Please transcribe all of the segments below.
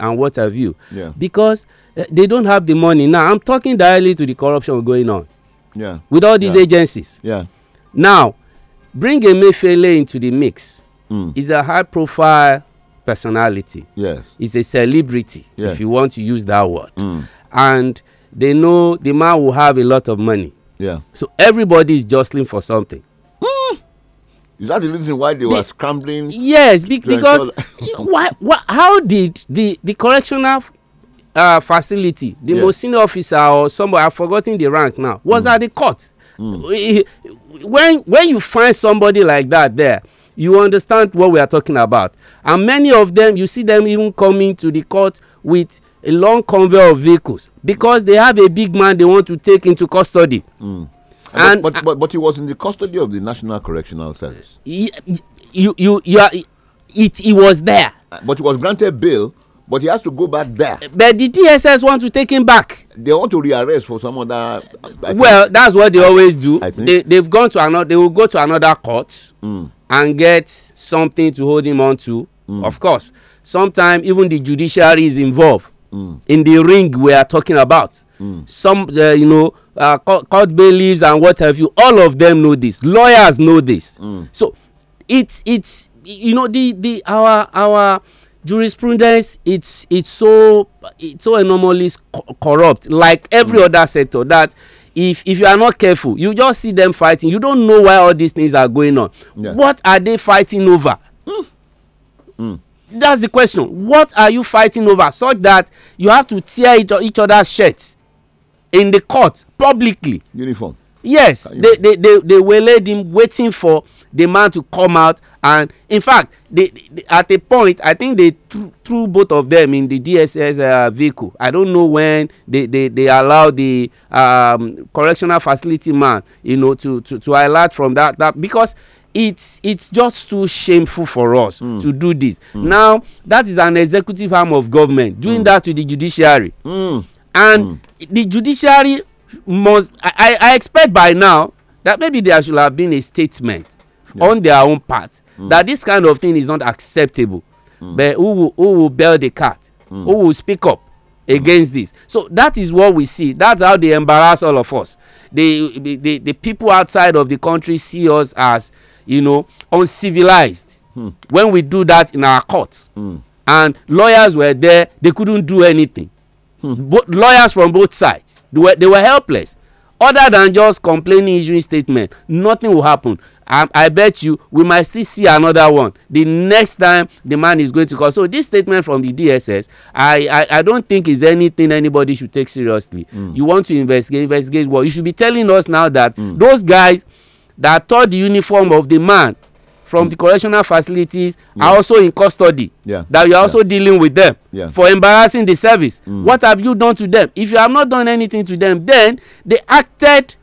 and what have you yeah. because uh, they don't have the money now i'm talking directly to the corruption going on yeah. with all these yeah. agencies yeah. now bring emefiele into the mix mm. he's a high profile personality yes he's a celebrity yeah. if you want to use that word mm. and they know the man will have a lot of money yeah so everybody is jostling for something mm. Is that the reason why they, the, were scrambling? Yes, be, because why, why, how did the, the correctional uh, facility, the yes. most senior officer or somebody, I've forgotten the rank now, was mm. at the court. Mm. When, when you find somebody like that there, you understand what we are talking about. And many of them, you see them even coming to the court with a long convoy of vehicles because they have a big man they want to take into custody. Mm. And but, but, but, but he was in the custody of the National Correctional Service. He, you you you are, it he was there. Uh, but he was granted bail, but he has to go back there. But the DSS want to take him back. They want to rearrest for some other. well, think, that's what they I, always do. I think. They they've gone to another. They will go to another court mm. and get something to hold him on to. Mm. Of course, sometimes even the judiciary is involved mm. in the ring we are talking about. Mm. Some uh, you know uh, court, bailiffs and what have you all of them know this lawyers know this mm. so it's it's you know the the our our jurisprudence it's it's so it's so enormously co corrupt like every mm. other sector that if if you are not careful you just see them fighting you don't know why all these things are going on yeah. what are they fighting over mm. Mm. that's the question what are you fighting over such that you have to tear each, each other's shirts in the court publicly. Uniform. Yes, they, they, they, they led him waiting for the man to come out. And in fact, they, they at a point, I think they threw, threw both of them in the DSS uh, vehicle. I don't know when they, they, they allowed the um, correctional facility man, you know, to, to, to alert from that, that because it's it's just too shameful for us mm. to do this. Mm. Now, that is an executive arm of government doing mm. that to the judiciary. Mm and mm. the judiciary must I, I expect by now that maybe there should have been a statement yeah. on their own part mm. that this kind of thing is not acceptable mm. but who will, who will bail the cat hmm. who will speak up against this so that is what we see that's how they embarrass all of us the, the the people outside of the country see us as you know uncivilized hmm. when we do that in our courts hmm. and lawyers were there they couldn't do anything Hmm, both lawyers from both sides they were, they were helpless other than just complaining issuing statement nothing will happen I, I bet you we might still see another one the next time the man is going to call so this statement from the dss i i, I don't think is anything anybody should take seriously mm. you want to investigate investigate well you should be telling us now that mm. those guys that tore the uniform of the man from mm. the correctional facilities yeah. are also in custody. Yeah. That you are also dealing with them for embarrassing the service. Mm. What have you done to them? If you have not done anything to them, then they acted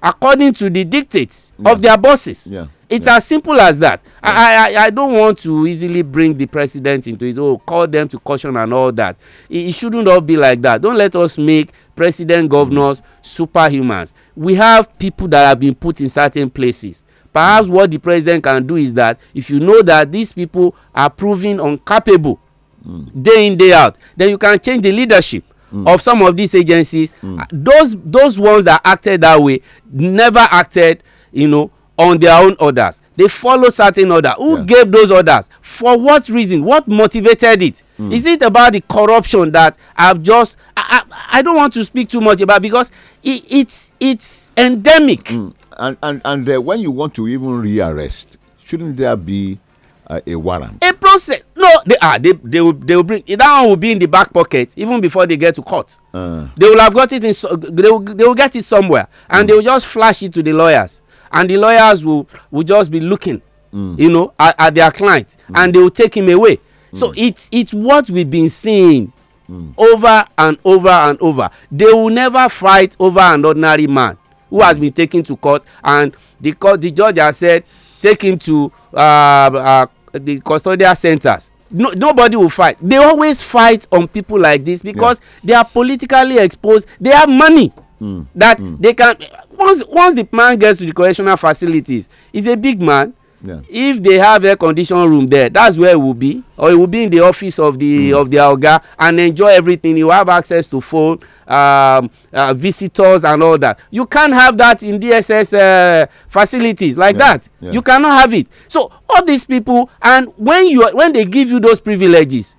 according to the dictates of their bosses. It's as simple as that. I, I, I don't want to easily bring the president into his oh call them to caution and all that. It, it shouldn't all be like that. Don't let us make president governors mm. superhumans. We have people that have been put in certain places perhaps what the president can do is that if you know that these people are proving incapable mm. day in day out then you can change the leadership mm. of some of these agencies mm. those those ones that acted that way never acted you know on their own orders they follow certain order who yeah. gave those orders for what reason what motivated it? Mm. Is it about the corruption that i've just i i, I don't want to speak too much about because it, it's it's endemic mm and and and uh, when you want to even rearrest, shouldn't there be uh, a warrant? A process. No, they are. Ah, they they will they will bring that one will be in the back pocket even before they get to court. Uh. They will have got it in. They will they will get it somewhere, and mm. they will just flash it to the lawyers, and the lawyers will will just be looking, mm. you know, at, at their clients, mm. and they will take him away. Mm. So it's it's what we've been seeing. Mm. over and over and over they will never fight over an ordinary man who has been taken to court and the court the judge has said take him to uh, uh, the custodial centers no, nobody will fight they always fight on people like this because yeah. they are politically exposed they have money mm. that mm. they can once once the man gets to the correctional facilities he's a big man yeah. If they have air conditioned room there, that's where it will be, or it will be in the office of the mm. of the alga and enjoy everything. You have access to phone, um, uh, visitors, and all that. You can't have that in DSS uh, facilities like yeah. that. Yeah. You cannot have it. So all these people, and when you when they give you those privileges,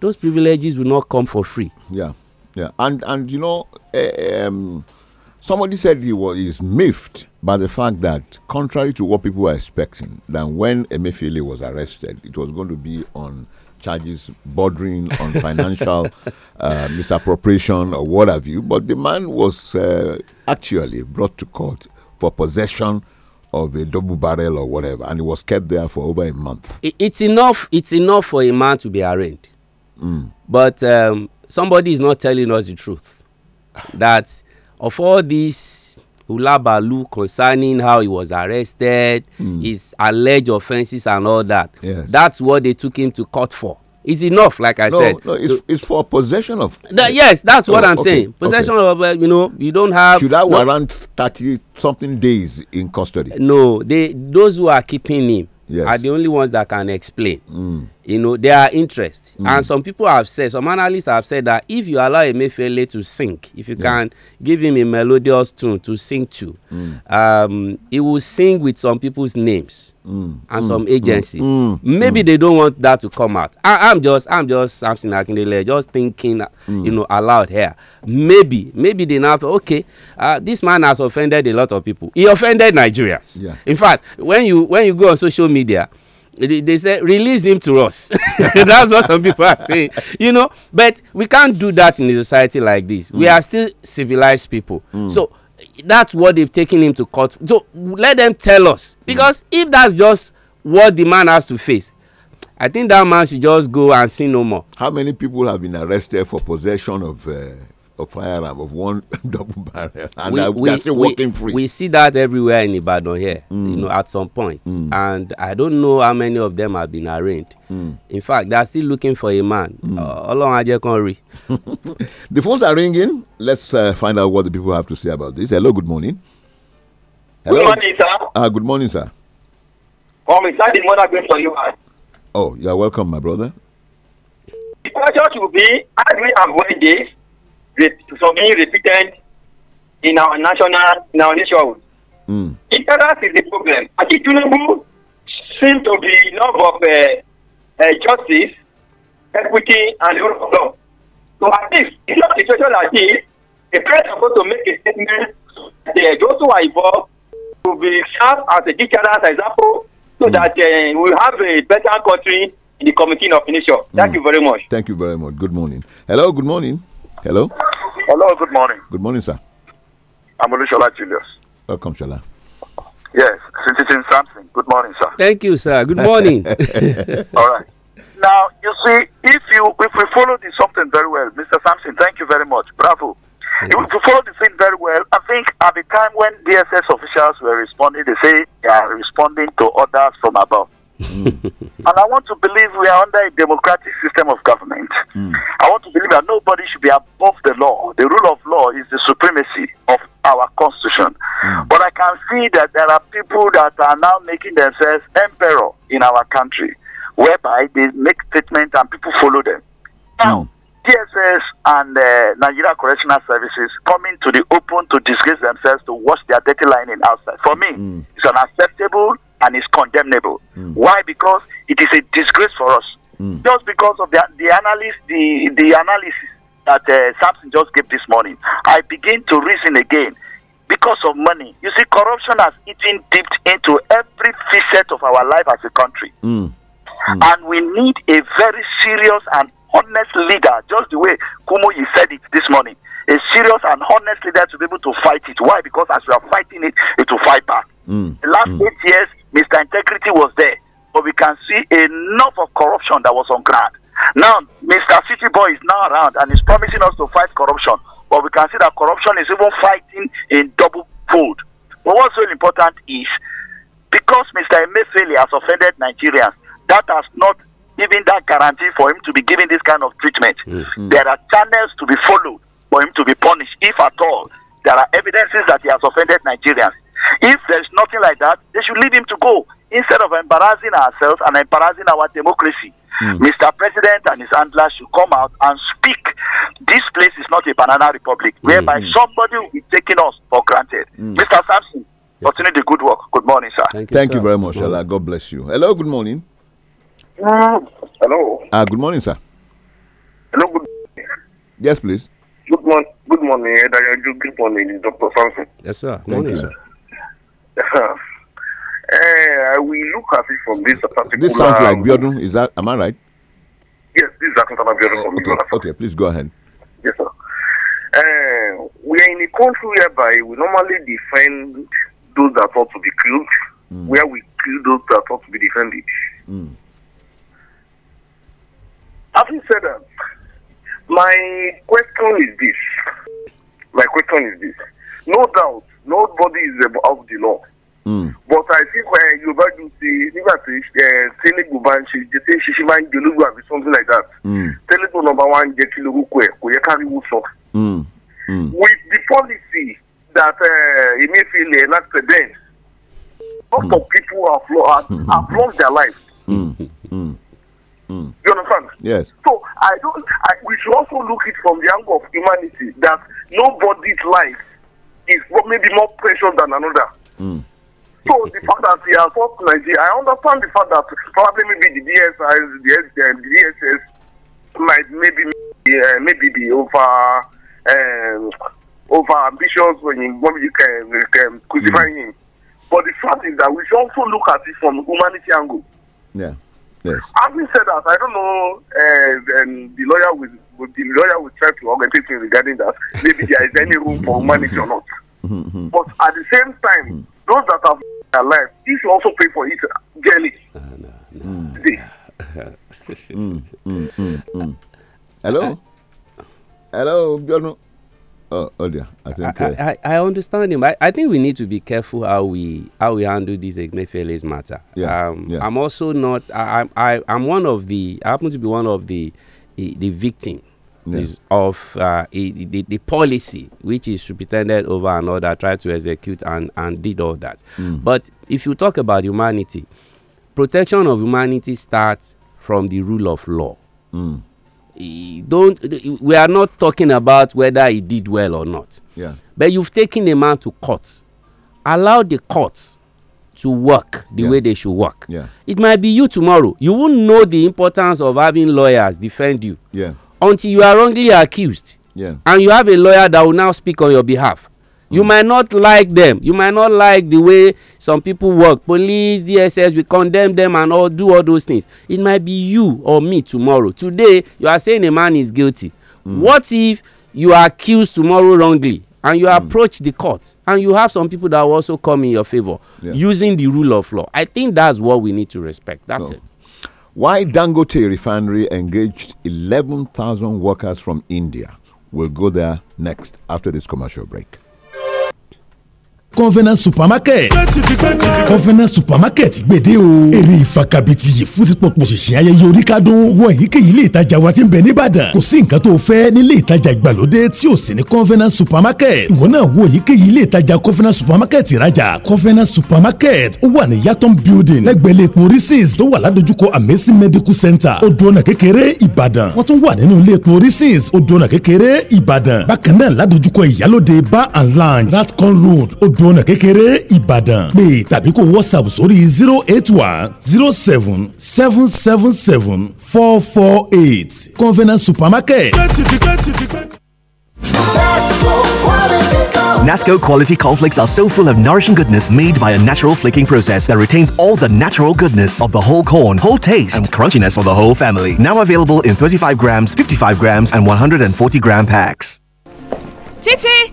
those privileges will not come for free. Yeah, yeah, and and you know. Uh, um, Somebody said he was is miffed by the fact that, contrary to what people were expecting, that when Emefiele was arrested, it was going to be on charges bordering on financial uh, misappropriation or what have you. But the man was uh, actually brought to court for possession of a double barrel or whatever, and he was kept there for over a month. It's enough. It's enough for a man to be arraigned, mm. but um, somebody is not telling us the truth. That of all these Ulabalu concerning how he was arrested, mm. his alleged offenses and all that. Yes. That's what they took him to court for. It's enough, like I no, said. No, it's, to, it's, for possession of. yes, that's what oh, I'm okay, saying. Possession okay. of, uh, you know, you don't have. Should I warrant thirty something days in custody? No, they those who are keeping him yes. are the only ones that can explain. Mm you know their interest mm. and some people have said some analysts have said that if you allow emefiele to sing if you yeah. can give him a melodious tune to sing to mm. um, he will sing with some people's names mm. and mm. some agencies mm. Mm. maybe they don't want that to come out I, am just i'm just samson akindele just thinking uh, you know aloud here maybe maybe they now thought okay uh, this man has offended a lot of people he offended nigerians yeah. in fact when you when you go on social media they say release him to us that's what some people are saying you know but we can't do that in a society like this mm. we hmm. are still civilized people mm. so that's what they've taken him to court so let them tell us hmm. because mm. if that's just what the man has to face i think that man should just go and see no more how many people have been arrested for possession of uh, a firearm of one double barrel, and we, we, still walking free. We see that everywhere in Ibadan here, mm. you know, at some point. Mm. and I don't know how many of them have been arraigned. Mm. In fact, they are still looking for a man. Olorun mm. uh, Ajekonri. The phones are ringing. Let's uh, find out what the people have to say about this. Hello, good morning. Hello. Ah, good morning, sir. Uh, good morning, sir. is that the mother going for you. Oh, you are welcome, my brother. The question should be, how do we avoid this? from being repeated in our national in our nation. Mm. Ignorance is the problem. Ati Tinubu seems to be in love of uh, uh, justice, equity, and rule of law. So at least it's not a situation like this. The president is supposed to make a statement. The, eh, those who are involved will be served as a deterrent example, so mm. that uh, we have a better country in the committee of nation. Thank mm. you very much. Thank you very much. Good morning. Hello. Good morning. Hello? Hello, good morning. Good morning, sir. I'm Olushola Julius. Welcome, Shola. Yes, Citizen Samson. Good morning, sir. Thank you, sir. Good morning. All right. Now, you see, if you if we follow this something very well, Mr. Samson, thank you very much. Bravo. Yes. If we follow the thing very well, I think at the time when DSS officials were responding, they say they are responding to orders from above. Mm. and I want to believe we are under a democratic system of government. Mm. I want to believe that nobody should be above the law. The rule of law is the supremacy of our constitution. Mm. But I can see that there are people that are now making themselves emperor in our country, whereby they make statements and people follow them. Now, DSS and uh, Nigeria Correctional Services coming to the open to disgrace themselves to wash their dirty lining outside. For me, mm. it's unacceptable and is condemnable. Mm. Why? Because it is a disgrace for us. Mm. Just because of the the analysis, the the analysis that uh, Samson just gave this morning, I begin to reason again because of money. You see, corruption has eaten deep into every facet of our life as a country. Mm. Mm. And we need a very serious and honest leader, just the way Kumo you said it this morning. A serious and honest leader to be able to fight it. Why? Because as we are fighting it, it will fight back. Mm. The last hmm. eight years, Mr. Integrity was there, but we can see enough of corruption that was on ground. Now, Mr. City Boy is now around and is promising us to fight corruption, but we can see that corruption is even fighting in double fold. But what's really important is because Mr. Emefiele has offended Nigerians, that has not given that guarantee for him to be given this kind of treatment. Mm-hmm. There are channels to be followed for him to be punished, if at all. There are evidences that he has offended Nigerians. If there's nothing like that, they should lead him to go instead of embarrassing ourselves and embarrassing our democracy. Mm. Mr. President and his handlers should come out and speak. This place is not a banana republic whereby mm. somebody will be taking us for granted. Mm. Mr. Sampson, yes. continue the good work. Good morning, sir. Thank you, Thank sir. you very much, Allah. God bless you. Hello, good morning. hello. Uh, good morning, sir. Hello, good Yes, please. Good morning. Good morning, Good morning, Dr. Sampson. Yes, sir. Good morning, Thank you, sir uh, eh, we look at it from this particular. This sounds like Biodun. Is that am I right? Yes, this is Akintana Biodun from okay. Okay, please go ahead. Yes, sir. Uh, we are in a country whereby we normally defend those that ought to be killed, mm. where we kill those that ought to be defended. Mm. Having said that, my question is this. My question is this. No doubt, nobody is above the law. Mm. but i think when you yorùbá do say nígbà tí eh, tẹlẹgùn bá ń ṣe jẹ tí ṣiṣẹ máa ń jẹ ológun àbí something like that tẹlẹgùn náà bá wà ń jẹ kí lorúkọ ẹ kò yẹ káríwó sọ. Hmm. Hmm. with the policy that eh, emefiele uh, enacted then lot mm. of hmm. people have, lost, have lost their lives. Mm. Mm. Mm. You understand? Yes. So I don't. I, we should also look it from the angle of humanity that nobody's life is maybe more precious than another. Mm. So the fact that he has fought Nigeria, I understand the fact that probably maybe the DSS, the, uh, the um, DSS might maybe uh, maybe be over um, over ambitious when you, when you can, you can crucify mm. him. But the fact is that we should also look at it from humanity angle. Yeah. Yes. Having said that, I don't know uh, the, um, the lawyer will the lawyer will try to organize him regarding that. Maybe there is any room for humanity or not. Mm-hmm. but at the same time, mm-hmm. those that have their life, you should also pay for it daily. No, no, no. mm, mm, mm, Hello? Eh? Hello, Bjorn. Oh, oh dear. I think uh, I, I, I understand him. I, I, think we need to be careful how we how we handle this Egmefele's matter. Yeah, um, yeah. I'm also not. I, I I'm one of the. I happen to be one of the the victim yeah. of uh, the, the policy which is superintended over another try to execute and and did all that mm. but if you talk about humanity protection of humanity starts from the rule of law mm. don't we are not talking about whether he did well or not yeah. but you've taken a man to court allow the court to work the yeah. way they should work. Yeah. It might be you tomorrow. You won't know the importance of having lawyers defend you. Yeah. Until you are wrongly accused. Yeah. And you have a lawyer that will now speak on your behalf. Mm. You might not like them. You might not like the way some people work. Police, DSS, we condemn them and all do all those things. It might be you or me tomorrow. Today, you are saying a man is guilty. Mm. What if you are accused tomorrow wrongly and you mm. approach the court and you have some people that will also come in your favor yeah. using the rule of law i think that's what we need to respect that's no. it why dangote refinery engaged 11000 workers from india we'll go there next after this commercial break convenience supermarket convenience supermarket gbèdé o èrè ìfakabiti yìí fún ti pọpọ ṣìṣìn ayẹyẹ oníkádùn wọ èyíkéyìí ilé ìtajà wa ti ń bẹ nìbàdàn kò sí nǹkan tó fẹ́ nílé ìtajà ìgbàlódé tí ò sí ní convenience supermarket ìwọ náà wọ èyíkéyìí ilé ìtajà convenience supermarket ìrajà convenience supermarket ó wà ní yàtọ̀ building lẹ́gbẹ̀lẹ́ epo reeses tó wà ládojúkọ amesi medical center odò ọ̀nà kékeré ìbàdàn wọ́n tún wà nínú ilé epo reeses odò ọ̀nà kékeré ìbàdàn bákan náà ládojúkọ ìyálòde bar and lounge ratcon road odò òdùọ̀nà kékeré ìbàdàn pé tàbí kó whatsapp sórí zero eight one zero seven seven seven seven four four eight convenience supermarket. Nasco quality cornflakes are so full of nourishing goodness made by a natural flaking process that retains all the natural goodness of the whole corn, whole taste, and crunchiness for the whole family. Now available in 35 grams, 55 grams, and 140 gram packs. Titi!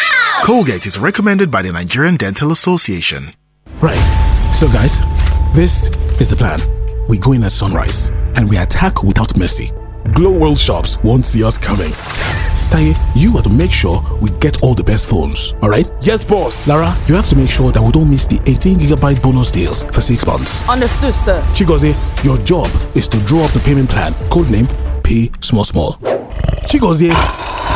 Colgate is recommended by the Nigerian Dental Association. Right. So, guys, this is the plan. We go in at sunrise and we attack without mercy. Glow World shops won't see us coming. Taye, you are to make sure we get all the best phones, alright? Yes, boss. Lara, you have to make sure that we don't miss the 18GB bonus deals for six months. Understood, sir. Chigozie, your job is to draw up the payment plan, codename pay small small. Chigozie,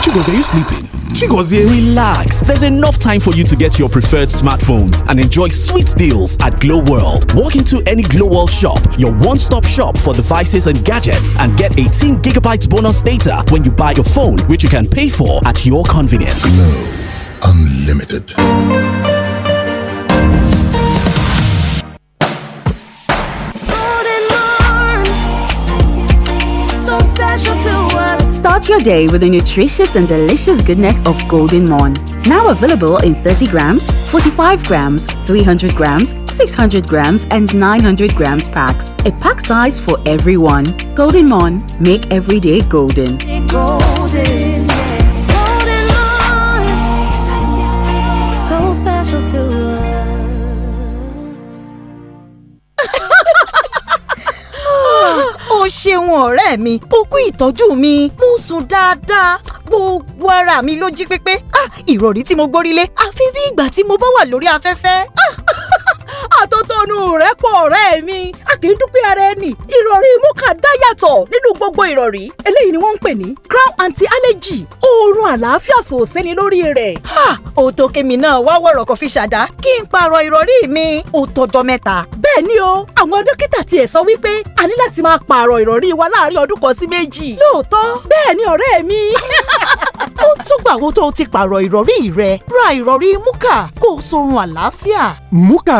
Chigozie, you sleeping? Chigozie, relax. There's enough time for you to get your preferred smartphones and enjoy sweet deals at Glow World. Walk into any Glow World shop, your one-stop shop for devices and gadgets, and get 18 gigabytes bonus data when you buy your phone, which you can pay for at your convenience. Glow Unlimited. your day with the nutritious and delicious goodness of Golden Morn. Now available in 30 grams, 45 grams, 300 grams, 600 grams, and 900 grams packs. A pack size for everyone. Golden Morn. Make every day golden. golden. ṣeun ọ̀rẹ́ mi ó kú ìtọ́jú mi mo sùn dáadáa gbogbo ara mi ló jí pépé ah ìrọ̀rí tí mo gbórí lé àfi bí ìgbà tí mo bá wà lórí afẹ́fẹ́ ah, ah àtótónu rẹ̀ pọ̀ ọ̀rẹ́ mi a kì í dúpẹ́ ara ẹni ìrọ̀rí múkà dá yàtọ̀ nínú gbogbo ìrọ̀rí eléyìí ni wọ́n ń pè ní crown anti allergy oorun àlàáfíà sòsẹ́ni lórí rẹ̀. ha òótọ́ kẹ́mi náà wá wọ̀rọ̀ kò fi ṣàdá kí n pààrọ̀ ìrọ̀rí mi ó tọjọ́ mẹ́ta. bẹ́ẹ̀ ni o àwọn dókítà tiẹ̀ sọ wípé a ní láti máa pààrọ̀ ìrọ̀rí wa láàárín ọdún kan sí méjì. lóòótọ́ bẹ́ẹ̀ ni ọ̀rẹ́ mi. ó tún gbà wo tó o ti pààrọ̀ ìrọ̀rí rẹ ra ìrọ̀rí múkà kó o sorun àlàáfíà. múkà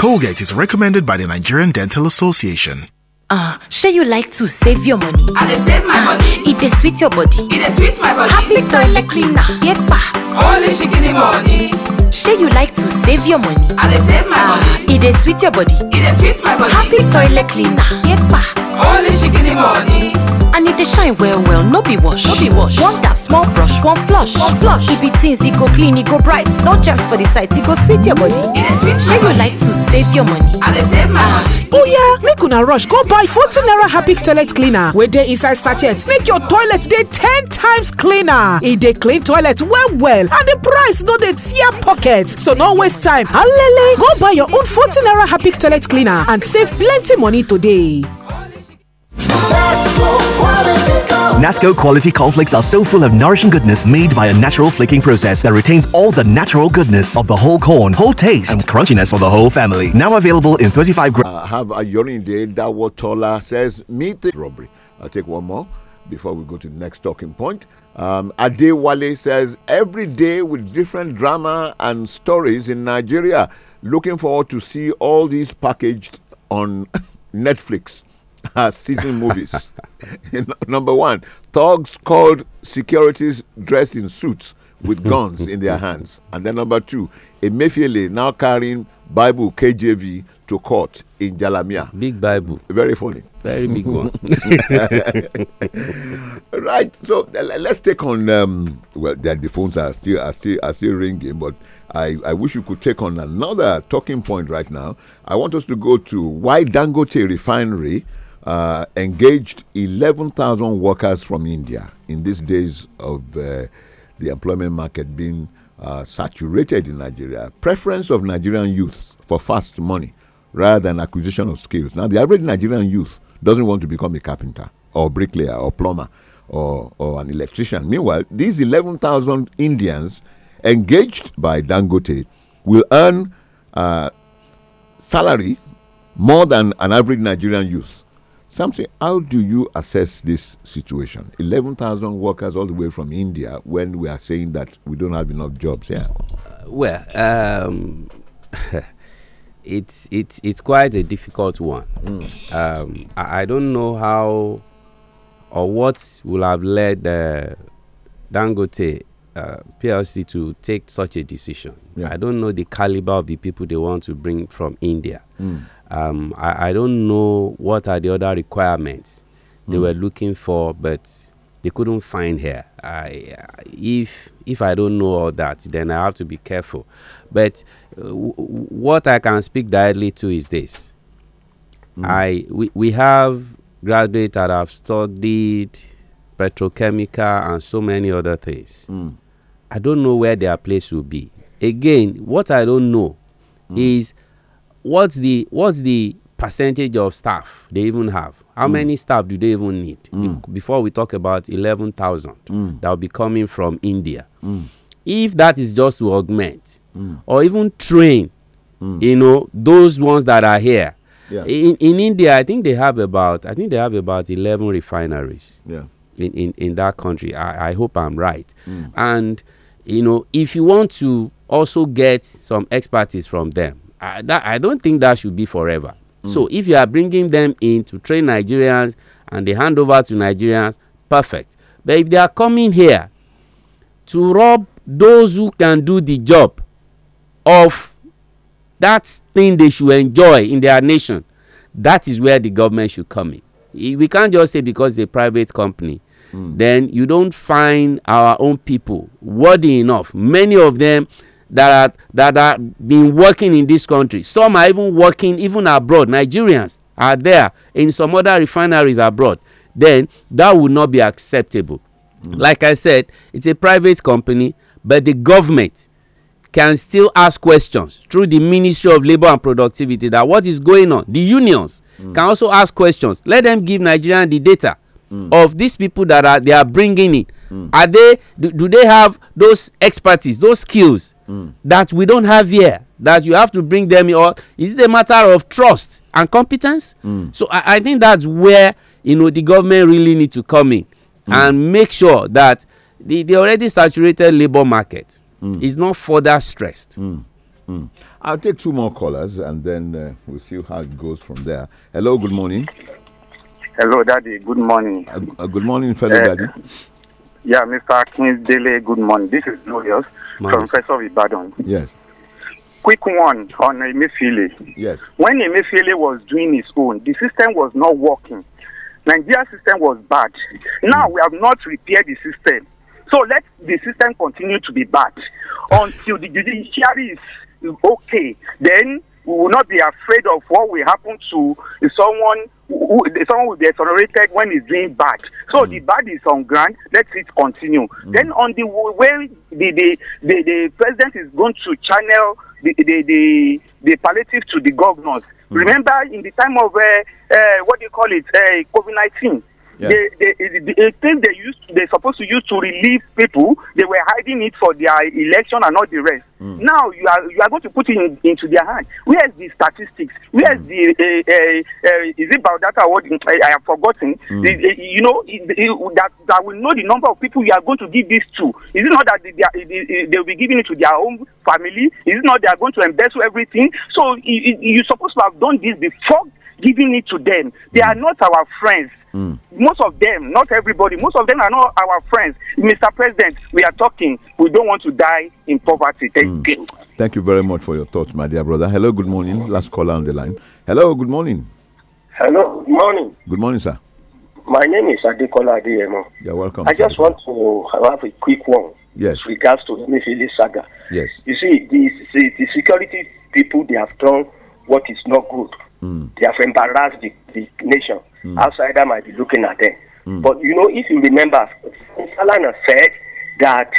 Colgate is recommended by the Nigerian Dental Association. Ah, uh, sure you like to save your money? I dey save my uh, money. It dey sweet your body. It dey sweet my body. Happy toilet cleaner. Yepa. Only shikini money. Sure you like to save your money? I dey save my uh, money. It dey sweet your body. It dey sweet my body. Happy toilet cleaner. Yepa. Only shikini money. and e shine well well no be wash no be wash one dab small brush one flush one flush e be things e go clean e go bright no germs for the site e go sweet your body shey you like to save your money i dey save my money oh, yeah, make una rush go buy 14 naira happy toilet cleaner wey dey inside sachet make your toilet dey 10 times cleaner e dey clean toilet well well and the price no dey tear pocket so no waste time alele go buy your own 14 naira happy toilet cleaner and save plenty money today. Nasco quality cornflakes are so full of nourishing goodness made by a natural flaking process that retains all the natural goodness of the whole corn, whole taste, and crunchiness for the whole family. Now available in 35 grams. I have a Yorinde Watola says meat robbery. I'll take one more before we go to the next talking point. Um, Wale says, every day with different drama and stories in Nigeria. Looking forward to see all these packaged on Netflix are season movies. Number one, thugs called securities dressed in suits with guns in their hands. And then number two, Emefiele now carrying Bible KJV to court in Jalamia. Big Bible. Very funny. Very big one. right. So let's take on. Um, well, the phones are still are still are still ringing, but I I wish you could take on another talking point right now. I want us to go to why Dangote Refinery uh, engaged 11,000 workers from India in these days of uh, the employment market being uh, saturated in Nigeria. Preference of Nigerian youth for fast money rather than acquisition of skills. Now, the average Nigerian youth doesn't want to become a carpenter or bricklayer or plumber or, or an electrician. Meanwhile, these 11,000 Indians engaged by Dangote will earn uh, salary more than an average Nigerian youth Something, how do you assess this situation? 11,000 workers all the way from India when we are saying that we don't have enough jobs here? Uh, well, um, it's, it's, it's quite a difficult one. Mm. Um, I, I, don't know how or what will have led uh, Dangote uh, PLC to take such a decision. Yeah. I don't know the caliber of the people they want to bring from India. Mm. Um, I, I don't know what are the other requirements they hmm. were looking for, but they couldn't find her. I, if if I don't know all that, then I have to be careful. But uh, w- what I can speak directly to is this: mm. I we, we have graduates that have studied petrochemical and so many other things. Mm. I don't know where their place will be. Again, what I don't know mm. is what's the what's the percentage of staff they even have? How mm. many staff do they even need? Mm. Before we talk about eleven thousand mm. that will be coming from India, mm. if that is just to augment mm. or even train, you know those ones that are here. Yeah. In, in India, I think they have about I think they have about eleven refineries. Yeah. In, in, in that country. I, I hope I'm right. And you know, if you want to also get some expertise from them, I, that, I don't think that should be forever. Mm. So if you are bringing them in to train Nigerians and they hand over to Nigerians, perfect. But if they are coming here to rob those who can do the job of that thing they should enjoy in their nation, that is where the government should come in. We can't just say because it's a private company. Mm. Then you don't find our own people worthy enough. Many of them that are that are been working in this country some are even working even abroad nigerians are there in some other refineries abroad then that would not be acceptable mm. like i said it's a private company but the government can still ask questions through the ministry of labour and productivity that what is going on the unions mm. can also ask questions let them give nigerian the data mm. of these people that are they are bringing in mm. are they do, do they have those expertise those skills mm. that we don't have here that you have to bring them or is it a matter of trust and competence mm. so I, I, think that's where you know the government really need to come in mm. and make sure that the, the already saturated labor market mm. is not further stressed mm. Mm. i'll take two more callers and then uh, we'll see how it goes from there hello good morning hello daddy good morning uh, uh, good morning fellow uh, daddy yeah, Mr. Daily, good morning. This is Glorious from Professor of Ibadan. Yes. Quick one on Emefiele. Yes. When Emefiele was doing his own, the system was not working. Nigeria system was bad. Now we have not repaired the system. So let the system continue to be bad until the judiciary is okay. Then we will not be afraid of what will happen to someone who someone will be exonerated when he's doing bad. So mm. the bad is on ground. Let it continue. Mm. Then on the way the, the the, the president is going to channel the the the, the palliative to the governors. Mm. Remember in the time of uh, uh, what do you call it uh, COVID nineteen they, they, the thing they used, they're supposed to use to relieve people, they were hiding it for their election and all the rest. Mm. Now you are you are going to put it in, into their hand. Where is the statistics? Where is mm. the uh, uh, uh, is it about that I, I have forgotten? Mm. you know it, it, that that will know the number of people you are going to give this to. Is it not that they, they, they will be giving it to their own family? Is it not they are going to embezzle everything? So you're supposed to have done this before giving it to them. They mm. are not our friends. Mm. Most of them, not everybody, most of them are not our friends. Mr. President, we are talking. We don't want to die in poverty. Thank mm. you. Thank you very much for your thoughts, my dear brother. Hello, good morning. Last caller on the line. Hello, good morning. Hello, good morning. Good morning, sir. My name is Adekola Adeyemo. You're welcome. I just want to have a quick one. Yes. regards to Mifili saga. Yes. You see, the, the, the security people, they have done what is not good. Mm. They have embarrassed the, the nation mm. outsider might be looking at them. Mm. But you know, if you remember, Salana said that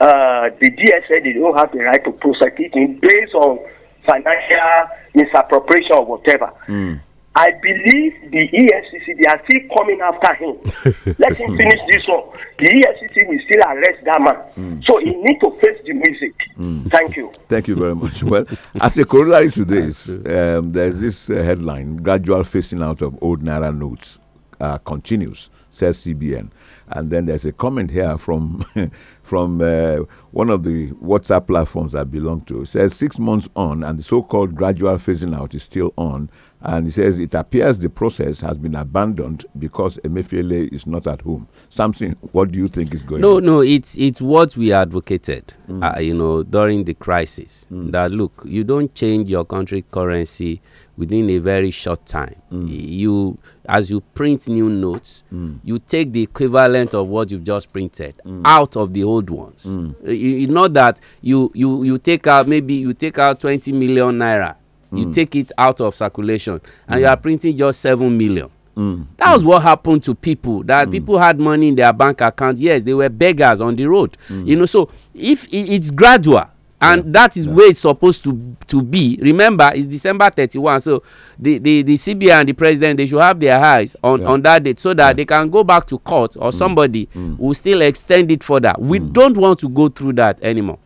uh, the DSA they don't have the right to prosecute him based on financial misappropriation or whatever. Mm. I believe the EFCC, they are still coming after him. Let him finish this one. The EFCC will still arrest that man. Mm. So he needs to face the music. Mm. Thank you. Thank you very much. well, as a corollary to this, um, there's this uh, headline, Gradual Phasing Out of Old Naira Notes uh, Continues, says CBN. And then there's a comment here from from uh, one of the WhatsApp platforms I belong to. It says, six months on and the so-called gradual phasing out is still on and he says, it appears the process has been abandoned because Emefiele is not at home. Something, what do you think is going no, on? No, no, it's, it's what we advocated, mm. uh, you know, during the crisis. Mm. That, look, you don't change your country currency within a very short time. Mm. You, as you print new notes, mm. you take the equivalent of what you've just printed mm. out of the old ones. You, mm. you know that you, you, you take out, maybe you take out 20 million naira you mm. take it out of circulation and mm. you are printing just seven million. Mm. That was mm. what happened to people. That mm. people had money in their bank account. Yes, they were beggars on the road. Mm. You know, so if it's gradual, and yeah. that is yeah. where it's supposed to to be remember it's december 31 so the the the cba and the president they should have their eyes on yeah. on that date so that they can go back to court or mm. somebody mm. will still extend it further we mm. don't want to go through that anymore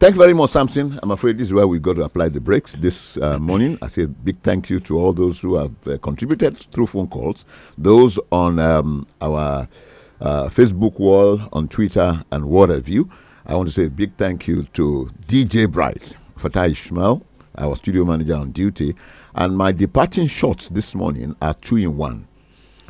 Thank you very much, Samson. I'm afraid this is where we've got to apply the brakes this uh, morning. I say big thank you to all those who have uh, contributed through phone calls, those on um, our uh, Facebook wall, on Twitter, and what have you. I want to say a big thank you to DJ Bright, Fatah Ishmael, our studio manager on duty. And my departing shots this morning are two in one.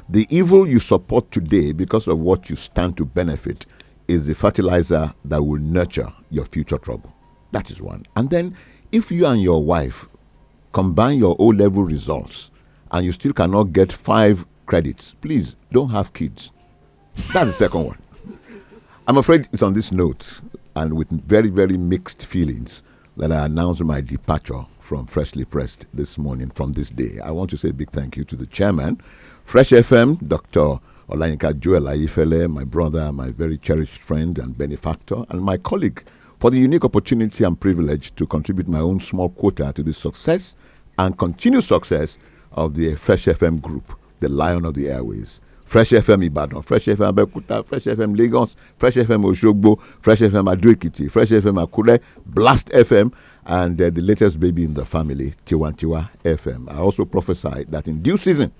The evil you support today because of what you stand to benefit is the fertilizer that will nurture your future trouble. That is one. And then if you and your wife combine your O level results and you still cannot get five credits, please don't have kids. That's the second one. I'm afraid it's on this note and with very, very mixed feelings that I announce my departure from Freshly Pressed this morning, from this day. I want to say a big thank you to the chairman, Fresh FM, Dr. Olanyika Joel Ayifele, my brother, my very cherished friend and benefactor, and my colleague, for the unique opportunity and privilege to contribute my own small quota to the success and continued success of the Fresh FM group, the Lion of the Airways. Fresh FM Ibadan, Fresh FM Abeokuta, Fresh FM Lagos, Fresh FM Oshogbo, Fresh FM Adoekiti, Fresh FM Akure, Blast FM, and uh, the latest baby in the family, Tiwantiwa FM. I also prophesy that in due season,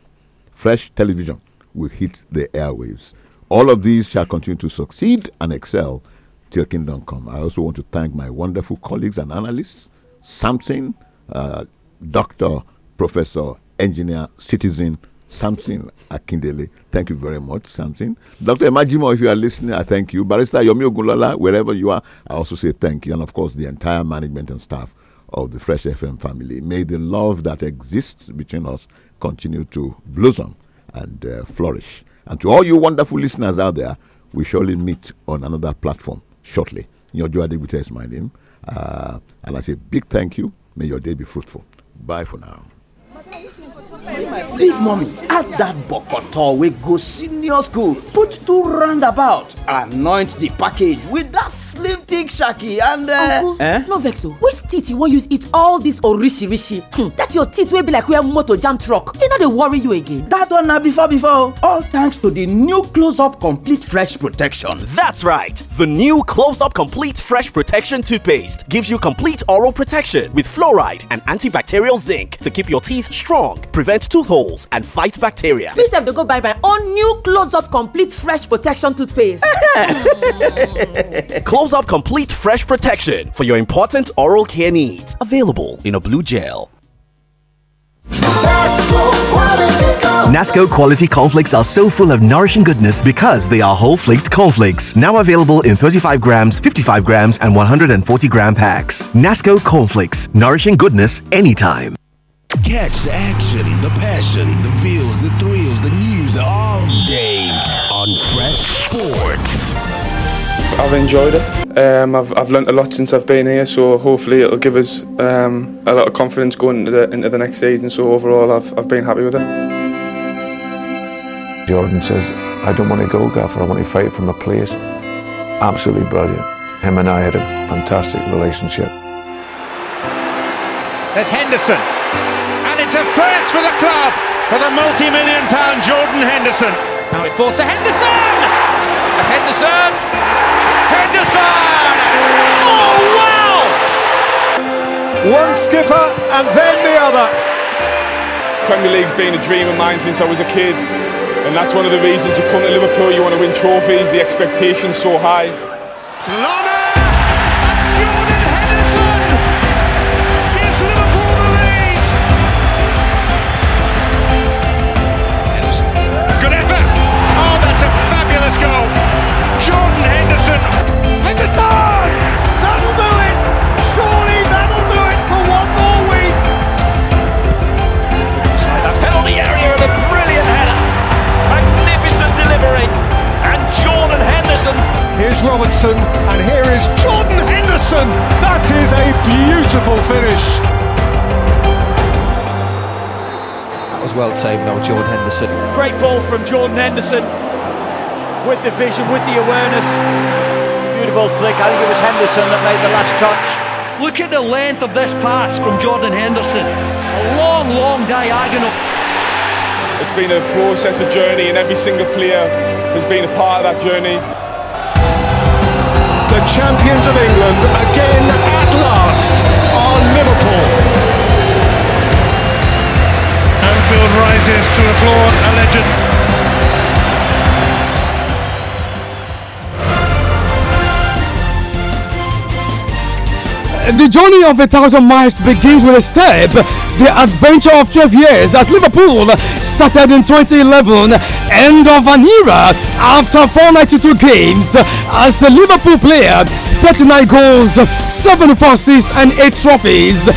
Fresh Television will hit the airwaves. All of these shall continue to succeed and excel till kingdom come. I also want to thank my wonderful colleagues and analysts, Samson, uh, Dr. Professor, Engineer, Citizen, Samson Akindele. Thank you very much, Samson. Dr. Emajimo, if you are listening, I thank you. Barrister Yomi Ogunlola, wherever you are, I also say thank you. And of course, the entire management and staff of the Fresh FM family. May the love that exists between us continue to blossom and uh, flourish. And to all you wonderful listeners out there, we surely meet on another platform shortly. Nyojo Adegbite is my name. Uh, and I say big thank you. May your day be fruitful. Bye for now big mommy add that bokoto wey go senior school put two roundabout anoint the package with that slim thick shaki and uh, uncle eh? no vex o which teeth you wan use eat all dis rishi hmm that your teeth wey be like where motor jam truck e no dey worry you again dat one na before before all thanks to di new close up complete fresh protection that's right the new close up complete fresh protection toothpaste gives you complete oral protection with fluoride and antibacterial zinc to keep your teeth strong prevent tooth tooth holes and fight bacteria. Please have to go buy my own new Close Up Complete Fresh Protection toothpaste. Close Up Complete Fresh Protection for your important oral care needs. Available in a blue gel. Nasco quality conflicts are so full of nourishing goodness because they are whole flaked conflicts. Now available in 35 grams, 55 grams, and 140 gram packs. Nasco conflicts, nourishing goodness anytime. Catch the action, the passion, the feels, the thrills, the news all day on Fresh Sports. I've enjoyed it. Um, I've, I've learnt a lot since I've been here, so hopefully it'll give us um, a lot of confidence going into the, into the next season. So overall, I've, I've been happy with it. Jordan says, I don't want to go, Gaffer. I want to fight for my place. Absolutely brilliant. Him and I had a fantastic relationship. There's Henderson. It's a first for the club for the multi-million pound Jordan Henderson. Now it falls to Henderson! Henderson! Henderson! Oh wow! One skipper and then the other. Premier League's been a dream of mine since I was a kid. And that's one of the reasons you come to Liverpool, you want to win trophies, the expectation's so high. Lana! Here's Robertson, and here is Jordan Henderson. That is a beautiful finish. That was well tamed, though, Jordan Henderson. Great ball from Jordan Henderson with the vision, with the awareness. Beautiful flick. I think it was Henderson that made the last touch. Look at the length of this pass from Jordan Henderson. A long, long diagonal. It's been a process, a journey, and every single player has been a part of that journey the champions of England again at last are Liverpool. Anfield rises to applaud a legend. The journey of a thousand miles begins with a step. The adventure of 12 years at Liverpool started in 2011, end of an era after 492 games as a Liverpool player, 39 goals, 7 assists, and 8 trophies.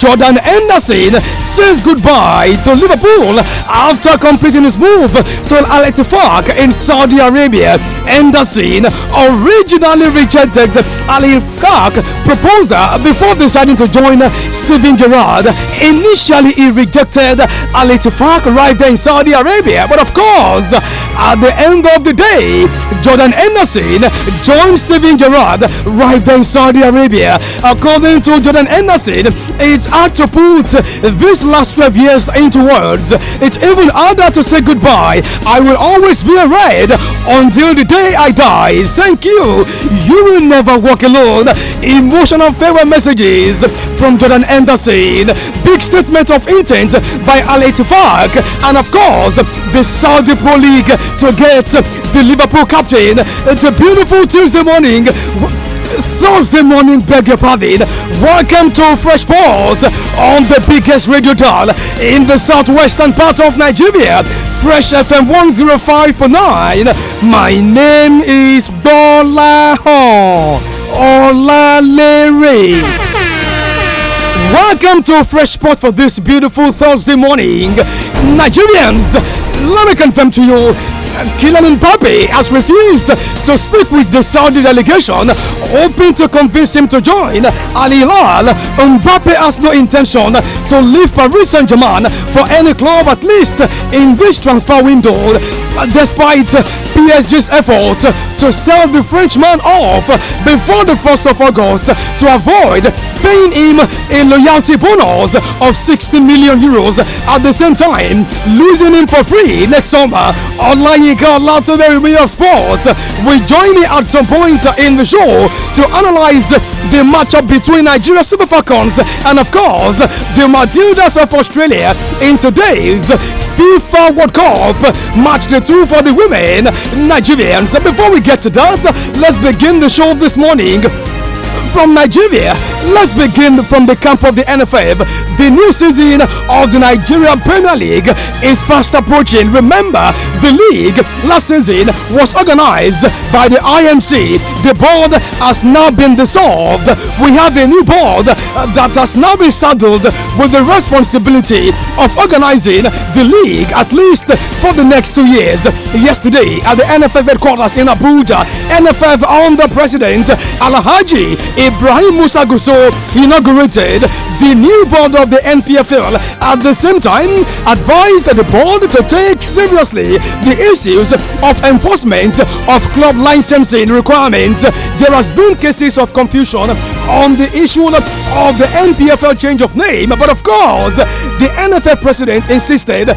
Jordan Henderson says goodbye to Liverpool after completing his move to Al Ettifaq in Saudi Arabia. Henderson originally rejected Al Ettifaq proposal before deciding to join Steven Gerrard. Initially, he rejected Al Ettifaq right there in Saudi Arabia, but of course, at the end of the day, Jordan Henderson joined Steven Gerrard right there in Saudi Arabia. According to Jordan Henderson, it's hard to put these last 12 years into words. It's even harder to say goodbye. I will always be a red until the day I die. Thank you. You will never walk alone. Emotional farewell messages from Jordan Anderson. Big statement of intent by Ali Fark. And of course, the Saudi Pro League to get the Liverpool captain. It's a beautiful Tuesday morning. Thursday morning, beg your pardon. Welcome to Fresh Port on the biggest radio dial in the southwestern part of Nigeria. Fresh FM 105.9. My name is Bola Ho Olalere. Welcome to Fresh Port for this beautiful Thursday morning. Nigerians, let me confirm to you Kylian Mbappe has refused to speak with the Saudi delegation, hoping to convince him to join Al Hilal. Mbappe has no intention to leave Paris Saint Germain for any club, at least in this transfer window, despite PSG's effort to sell the Frenchman off before the 1st of August to avoid paying him a loyalty bonus of 60 million euros at the same time losing him for free next summer. Olayinka Olatunberi, of Sport, We join me at some point in the show to analyze the matchup between Nigeria Super Falcons and, of course, the Matildas of Australia in today's FIFA World Cup match the two for the women Nigerians. Before we get to that, let's begin the show this morning from Nigeria Let's begin from the camp of the NFF. The new season of the Nigerian Premier League is fast approaching. Remember, the league last season was organized by the IMC. The board has now been dissolved. We have a new board uh, that has now been saddled with the responsibility of organizing the league at least for the next two years. Yesterday, at the NFF headquarters in Abuja, NFF under president Alhaji Ibrahim Musa Gusu also inaugurated the new board of the NPFL. At the same time, advised the board to take seriously the issues of enforcement of club licensing requirements. There has been cases of confusion on the issue of the NPFL change of name, but of course, the NFL president insisted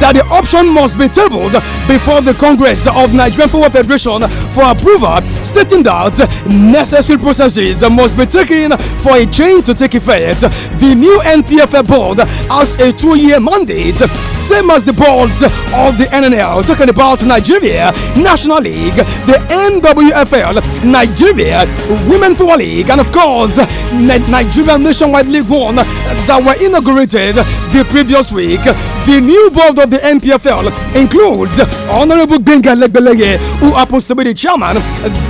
that the option must be tabled before the Congress of Nigerian Football Federation for approval, stating that necessary processes must be taken for a change to take effect. The new NPFL board has a two year mandate, same as the board of the NNL, talking about Nigeria National League, the NWFL, Nigeria Women Football League, and of course, Nigeria Nationwide League One that were inaugurated the previous week. The new board of of the NPFL includes Honorable Benga Legbeleye, who happens to be the chairman,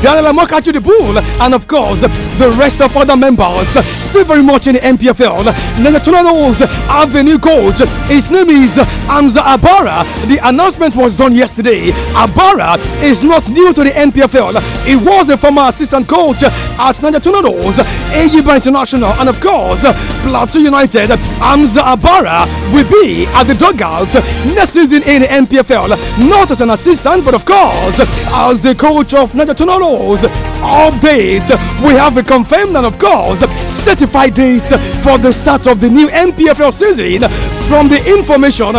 Daniel Mokachu the Bull, and of course, the rest of other members still very much in the NPFL. Then Tornadoes have a new coach. His name is Amza Abara. The announcement was done yesterday. Abara is not new to the NPFL. He was a former assistant coach at Niger Tornadoes, International, and of course, Plateau United. Amza Abara will be at the dugout next season in the NPFL, not as an assistant, but of course as the coach of Niger Tornadoes. Update we have a confirmed and of course certified date for the start of the new NPFL season from the information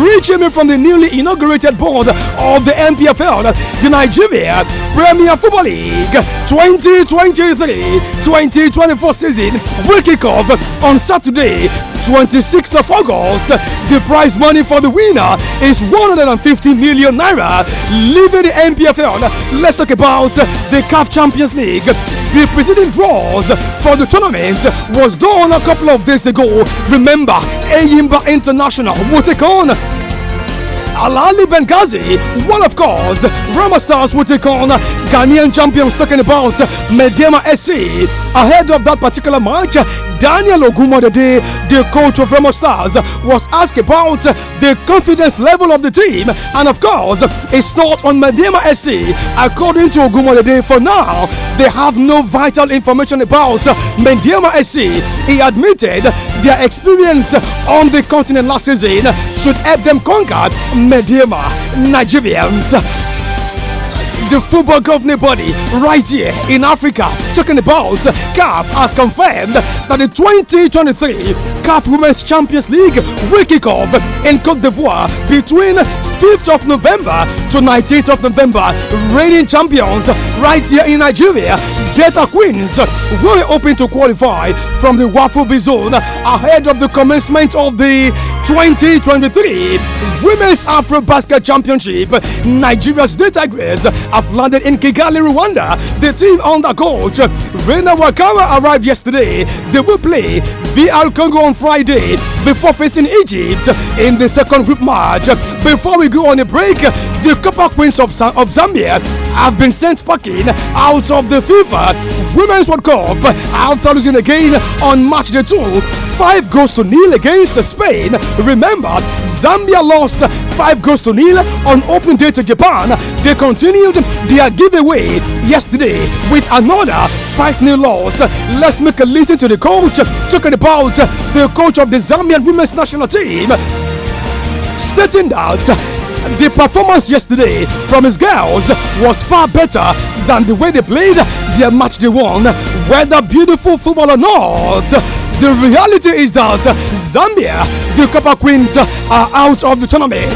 reaching me from the newly inaugurated board of the NPFL, the Nigeria Premier Football League 2023-2024 season will kick off on Saturday, 26th of August. The prize money for the winner is 150 million naira. Leaving the NPFL, let's talk about the CAF Champions League. The preceding draws for the tournament was done a couple of days ago. Remember, Eyimba International. What's it on? Al Ali Benghazi. Well, of course, Roma Stars will take on Ghanaian champions talking about Medema SC. Ahead of that particular match, Daniel Oguma today, the coach of Roma Stars, was asked about the confidence level of the team. And of course, it's not on Medema SC. According to Oguma today, for now, they have no vital information about Medema SC. He admitted their experience on the continent last season should help them conquer Medema, Nigerians. The football governing body right here in Africa talking about CAF has confirmed that the 2023 CAF Women's Champions League will kick off in Cote d'Ivoire between 5th of November to 19th of November. Reigning champions right here in Nigeria Delta Queens will hoping to qualify from the Waffle B zone ahead of the commencement of the 2023 Women's Afro Basket Championship. Nigeria's Delta Queens have landed in Kigali, Rwanda. The team under coach Rena Wakawa arrived yesterday. They will play VR Congo on Friday before facing Egypt in the second group match. Before we go on a break, the Copper Queens of, of Zambia have been sent packing out of the FIFA Women's World Cup after losing again on match day two. Five goals to nil against Spain. Remember, Zambia lost five goals to nil on opening day to Japan. They continued their giveaway yesterday with another 5 0 loss. Let's make a listen to the coach talking about the coach of the Zambian women's national team, stating that the performance yesterday from his girls was far better than the way they played their match they won, whether beautiful football or not. The reality is that Zambia, the Copper Queens, are out of the tournament.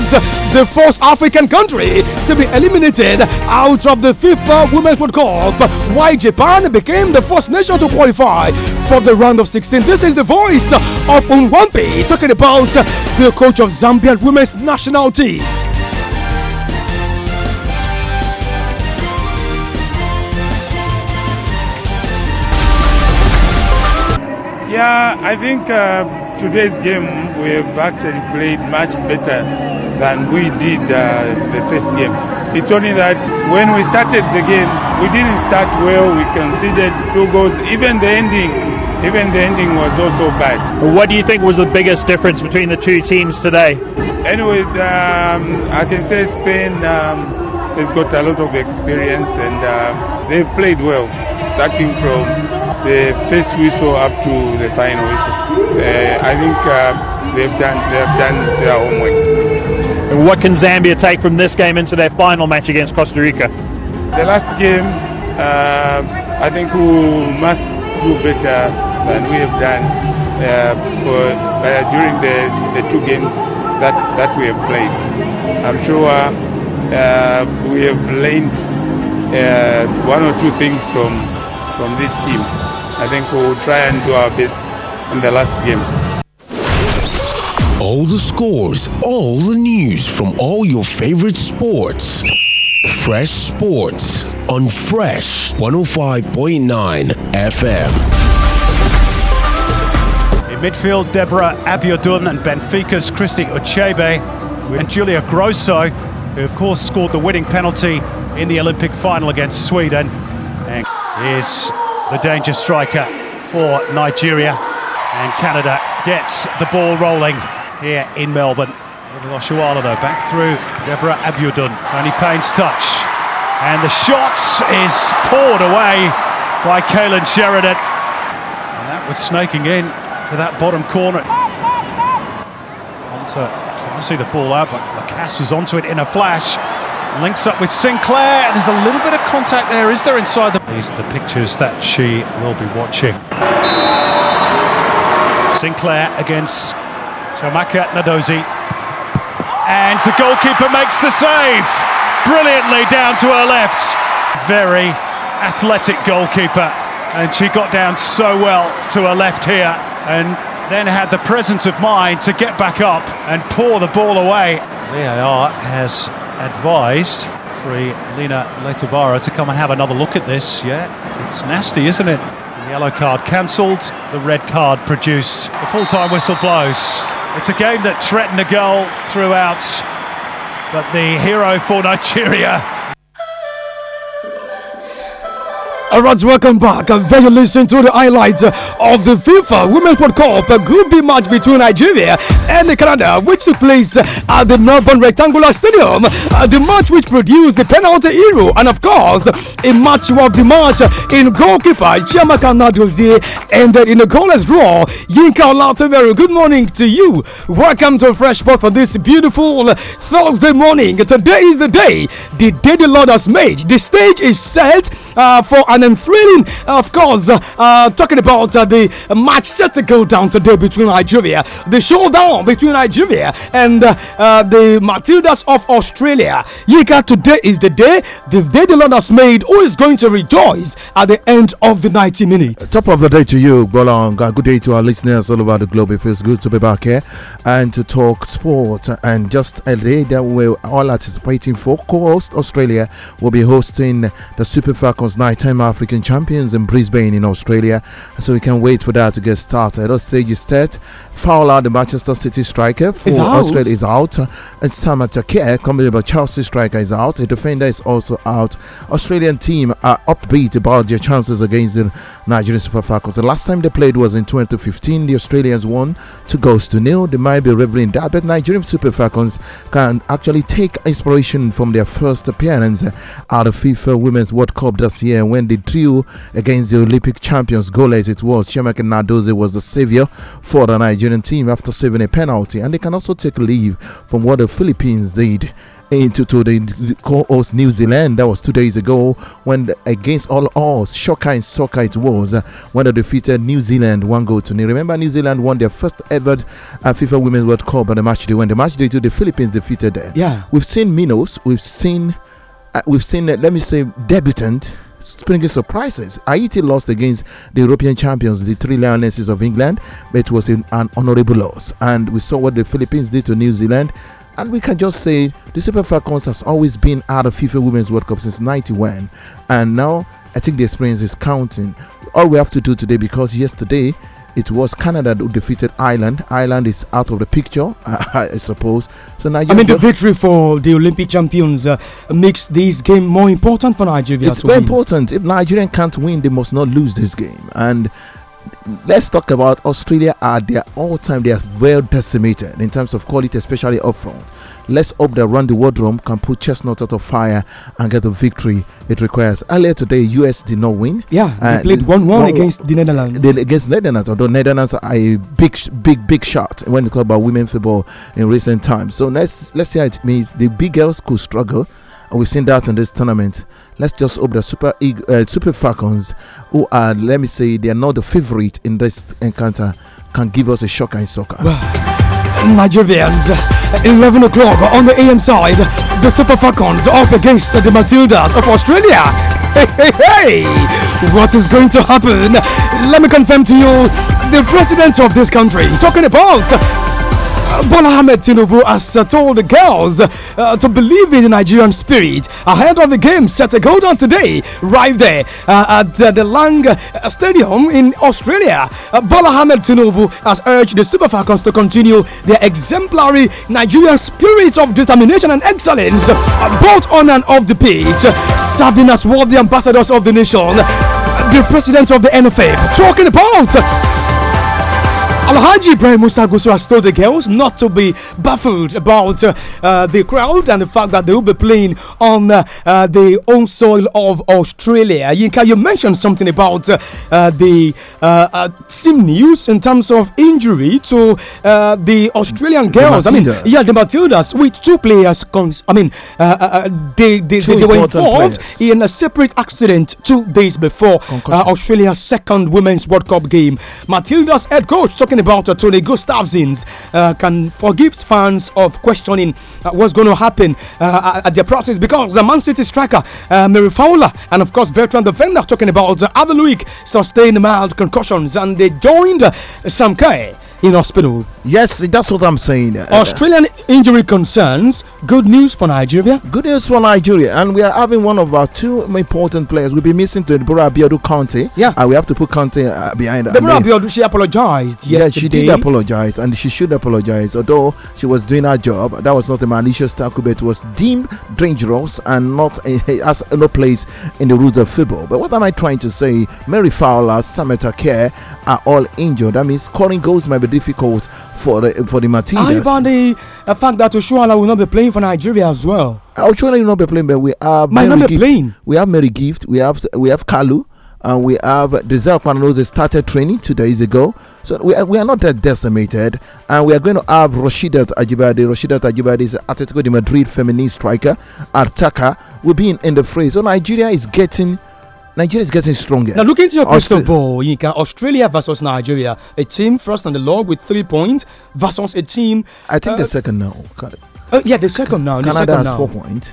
The first African country to be eliminated out of the FIFA Women's World Cup, while Japan became the first nation to qualify for the round of 16. This is the voice of Unwampi talking about the coach of Zambian women's national team. Yeah, I think uh, today's game we have actually played much better than we did uh, the first game. It's only that when we started the game, we didn't start well. We conceded two goals. Even the ending, even the ending was also bad. What do you think was the biggest difference between the two teams today? Anyway, um, I can say Spain. Um, He's got a lot of experience and uh, they've played well, starting from the first whistle up to the final whistle. Uh, I think uh, they've done they've done their homework. And what can Zambia take from this game into their final match against Costa Rica? The last game, uh, I think we must do better than we have done uh, for, uh, during the, the two games that, that we have played. I'm sure uh, we have learned uh, one or two things from from this team. I think we will try and do our best in the last game. All the scores, all the news from all your favorite sports. Fresh Sports on Fresh 105.9 FM. In Midfield, Deborah Abiodun and Benfica's Christy Ochebe and Julia Grosso who of course scored the winning penalty in the Olympic final against Sweden. And is the danger striker for Nigeria. And Canada gets the ball rolling here in Melbourne. With Oshuala though, back through Deborah Abiodun. Tony Payne's touch. And the shot is poured away by Kaelin Sheridan. And that was snaking in to that bottom corner. Ponta see the ball out, but Lacasse was onto it in a flash. Links up with Sinclair, and there's a little bit of contact there. Is there inside the... These are the pictures that she will be watching. Sinclair against Tomaka Nadozi. And the goalkeeper makes the save. Brilliantly down to her left. Very athletic goalkeeper. And she got down so well to her left here. And then had the presence of mind to get back up and pour the ball away. VAR has advised free Lina Letavara to come and have another look at this. Yeah, it's nasty, isn't it? The yellow card cancelled, the red card produced. The full-time whistle blows. It's a game that threatened a goal throughout, but the hero for Nigeria Alright, welcome back. And then you listen to the highlights of the FIFA Women's World Cup Group B match between Nigeria and Canada, which took place at the Melbourne Rectangular Stadium. Uh, the match which produced the penalty hero and, of course, a match of the match in goalkeeper Chiamaka Nadozie ended in a goalless draw. Yinka Olatunbere, good morning to you. Welcome to Fresh Sport for this beautiful Thursday morning. Today is the day, the day the Lord has made. The stage is set uh, for an thrilling, of course, uh, talking about uh, the match set to go down today between Nigeria, the showdown between Nigeria and the Matildas of Australia. Yika, today is the day, the day the Lord has made. Who is going to rejoice at the end of the 90 minutes? Top of the day to you, Bolong. Good day to our listeners all over the globe. It feels good to be back here and to talk sport and just a day that we're all anticipating for. Coast Australia will be hosting the Super Falcons. Falcons nighttime African champions in Brisbane in Australia. So we can wait for that to get started. At stage is set. Fowler, the Manchester City striker for Australia, is out. And Sam Takia, coming by Chelsea striker, is out. The defender is also out. Australian team are upbeat about their chances against the Nigerian Super Falcons. The last time they played was in 2015. The Australians won two goals to nil. They might be reveling that, but Nigerian Super Falcons can actually take inspiration from their first appearance at the FIFA Women's World Cup last year when the trio against the Olympic champions, goal as it was. and Nadoze was the savior for the Nigerian team after saving a penalty, and they can also take leave from what the Philippines did into to the co-host New Zealand. That was two days ago when against all odds, shocker and soccer it was when they defeated New Zealand one goal to nil. Remember, New Zealand won their first ever uh, FIFA Women's World Cup on the match day. When the match day to the Philippines defeated them. Yeah, we've seen Minos, we've seen uh, we've seen, uh, let me say, debutant springing surprises. Haiti lost against the European champions, the three Lionesses of England, but it was an honourable loss. And we saw what the Philippines did to New Zealand. And we can just say the Super Falcons has always been out of FIFA Women's World Cup since 91. And now I think the experience is counting. All we have to do today, because yesterday it was Canada who defeated Ireland. Ireland is out of the picture, I, I suppose. So Nigeria. I mean, the victory for the Olympic champions uh, makes this game more important for Nigeria. It's very win. important. If Nigeria can't win, they must not lose this game. And let's talk about Australia at their all time. They are well decimated in terms of quality, especially up front. Let's hope that Randy Wardrum can put Chestnut out of fire and get the victory it requires. Earlier today, US did not win. Yeah, they uh, played 1 1 against the Netherlands. Against Netherlands, although Netherlands are a big, big, big shot when it comes about women football in recent times. So let's let's see how it means. The big girls could struggle. And we've seen that in this tournament. Let's just hope that Super uh, Super Falcons, who are, let me say, they are not the favorite in this encounter, can give us a shocker in soccer. Nigerians. 11 o'clock on the AM side, the Super Falcons up against the Matildas of Australia. Hey, hey, hey! What is going to happen? Let me confirm to you the president of this country talking about Bola Ahmed Tinubu has uh, told the girls uh, to believe in the Nigerian spirit ahead of the game set to go down today, right there uh, at the Lang uh, Stadium in Australia. Uh, Bola Ahmed Tinubu has urged the Super Falcons to continue their exemplary Nigerian spirit of determination and excellence, uh, both on and off the pitch, serving as worthy ambassadors of the nation. The president of the NFF talking about Alhaji Ibrahim Musa Gusu has told the girls not to be baffled about uh, uh, the crowd and the fact that they will be playing on uh, uh the own soil of Australia. Yinka, you mentioned something about uh, the team news in terms of injury to the Australian girls. I mean, yeah, the Matildas with two players. I mean, they, they, they, they, were involved players. in a separate accident two days before Australia's second Women's World Cup game. Matildas head coach talking talking about uh, Tony Gustavsins, uh, can forgive fans of questioning uh, what's going to happen uh, at their process because the Man City striker, uh, Mary Fowler, and of course, veteran defender, talking about uh, week sustained mild concussions and they joined uh, Sam in hospital Yes, that's what I'm saying. Uh, Australian injury concerns. Good news for Nigeria. Good news for Nigeria, and we are having one of our two important players. We'll be missing to Deborah Biodu County. Yeah, and we have to put County uh, behind. Deborah I mean, she apologized. Yeah, she did apologize, and she should apologize. Although she was doing her job, that was not a malicious tackle, but it was deemed dangerous and not has no place in the rules of football. But what am I trying to say? Mary Fowler, Samantha Care are all injured. That means scoring goals might be difficult for the for the Martinez. Ah, even the, the fact that Oshuala will not be playing for Nigeria as well. Ah, Oshuala will not be playing, but we have might Mary not be Gift, playing. We have Mary Gift. We have we have Kalu. And we have Desire Panaloze started training two days ago. So we are, we are not that decimated. And we are going to have Roshida Ajibade. Roshida Ajibade is Atletico de Madrid feminine striker. attacker will be in, in the fray. So Nigeria is getting Nigeria is getting stronger. Now, looking to your crystal ball, Yinka, Australia versus Nigeria, a team first on the log with three points versus a team. I think uh, the second now. Uh, yeah, the second now. Canada second has now. four points.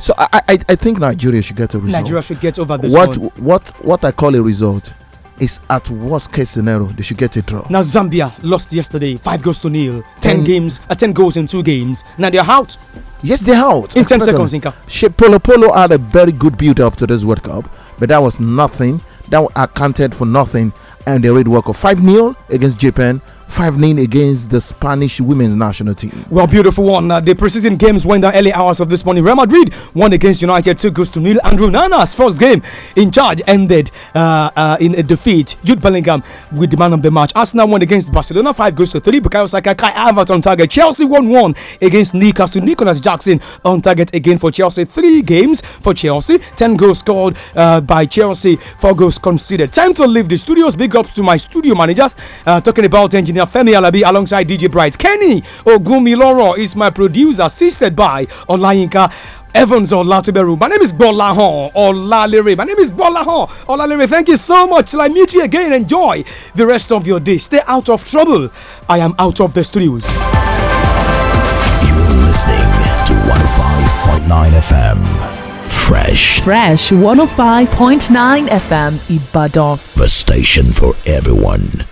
So I, I, I think Nigeria should get a result. Nigeria should get over this what, one. What what I call a result is at worst case scenario they should get a draw. Now Zambia lost yesterday, five goals to nil, ten, ten games, uh, ten goals in two games. Now they're out. Yes, they're out. In Expect ten seconds, Inka. Polo Polo had a very good build up to this World Cup but that was nothing. That accounted for nothing. And the red work of 5 0 against Japan 5 0 against the Spanish women's national team. Well, beautiful one. Uh, the preseason games went down early hours of this morning. Real Madrid won against United 2 goals to nil. Andrew Nana's first game in charge ended uh, uh, in a defeat. Jude Bellingham with the man of the match. Arsenal won against Barcelona 5 goals to 3. Bukayo Saka, Kai Havertz on target. Chelsea 1 1 against Newcastle. Nicholas Jackson on target again for Chelsea. Three games for Chelsea. 10 goals scored uh, by Chelsea. 4 goals conceded. Time to leave the studios. Big ups to my studio managers. Uh, talking about engineering Femi Alabi alongside DJ Bright. Kenny Ogumiloro is my producer, assisted by Olayinka Evans Olatuberu. My name is Bolahon Olalere. My name is Bolahon Olalere. Thank you so much. Till I meet you again, enjoy the rest of your day. Stay out of trouble. I am out of the studios. You're listening to 105.9 FM. Fresh. Fresh 105.9 FM Ibadan. The station for everyone.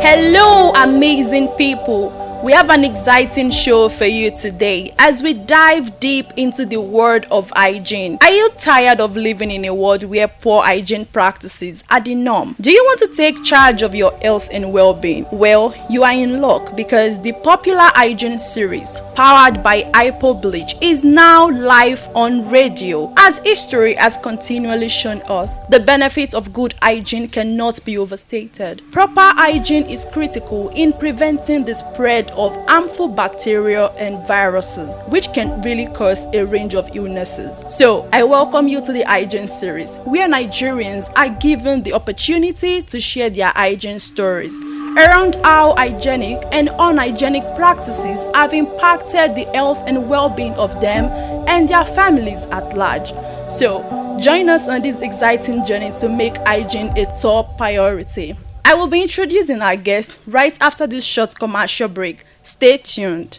Hello, amazing people. We have an exciting show for you today as we dive deep into the world of hygiene. Are you tired of living in a world where poor hygiene practices are the norm? Do you want to take charge of your health and well being? Well, you are in luck because the popular hygiene series, powered by Hypo Bleach, is now live on radio as history has continually shown us. The benefits of good hygiene cannot be overstated. Proper hygiene is critical in preventing the spread spread of harmful bacteria and viruses, which can really cause a range of illnesses. So, I welcome you to the hygiene series, where Nigerians are given the opportunity to share their hygiene stories around how hygienic and unhygienic practices have impacted the health and well being of them and their families at large. So, join us on this exciting journey to make hygiene a top priority. I will be introducing our guest right after this short commercial break. Stay tuned.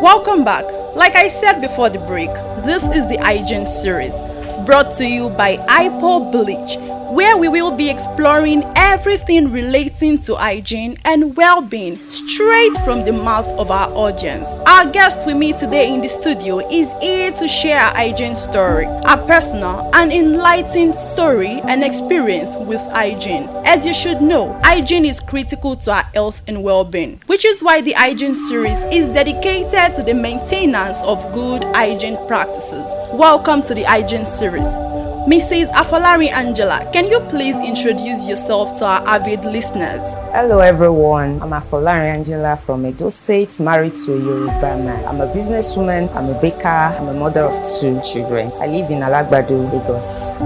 Welcome back. Like I said before the break, this is the hygiene series brought to you by IPO Bleach, where we will be exploring everything relating to hygiene and well being straight from the mouth of our audience. Our guest with me today in the studio is here to share her hygiene story, a personal and enlightened story and experience with hygiene. As you should know, hygiene is critical to our health and well being, which is why the hygiene series is dedicated to the maintenance of good hygiene practices. Welcome to the hygiene series. Mrs. Afolari Angela, can you please introduce yourself to our avid listeners? Hello, everyone. I'm Afolari Angela from Edo State, married to a Yoruba man. I'm a businesswoman, I'm a baker, I'm a mother of two children. I live in Alagbadu, Lagos.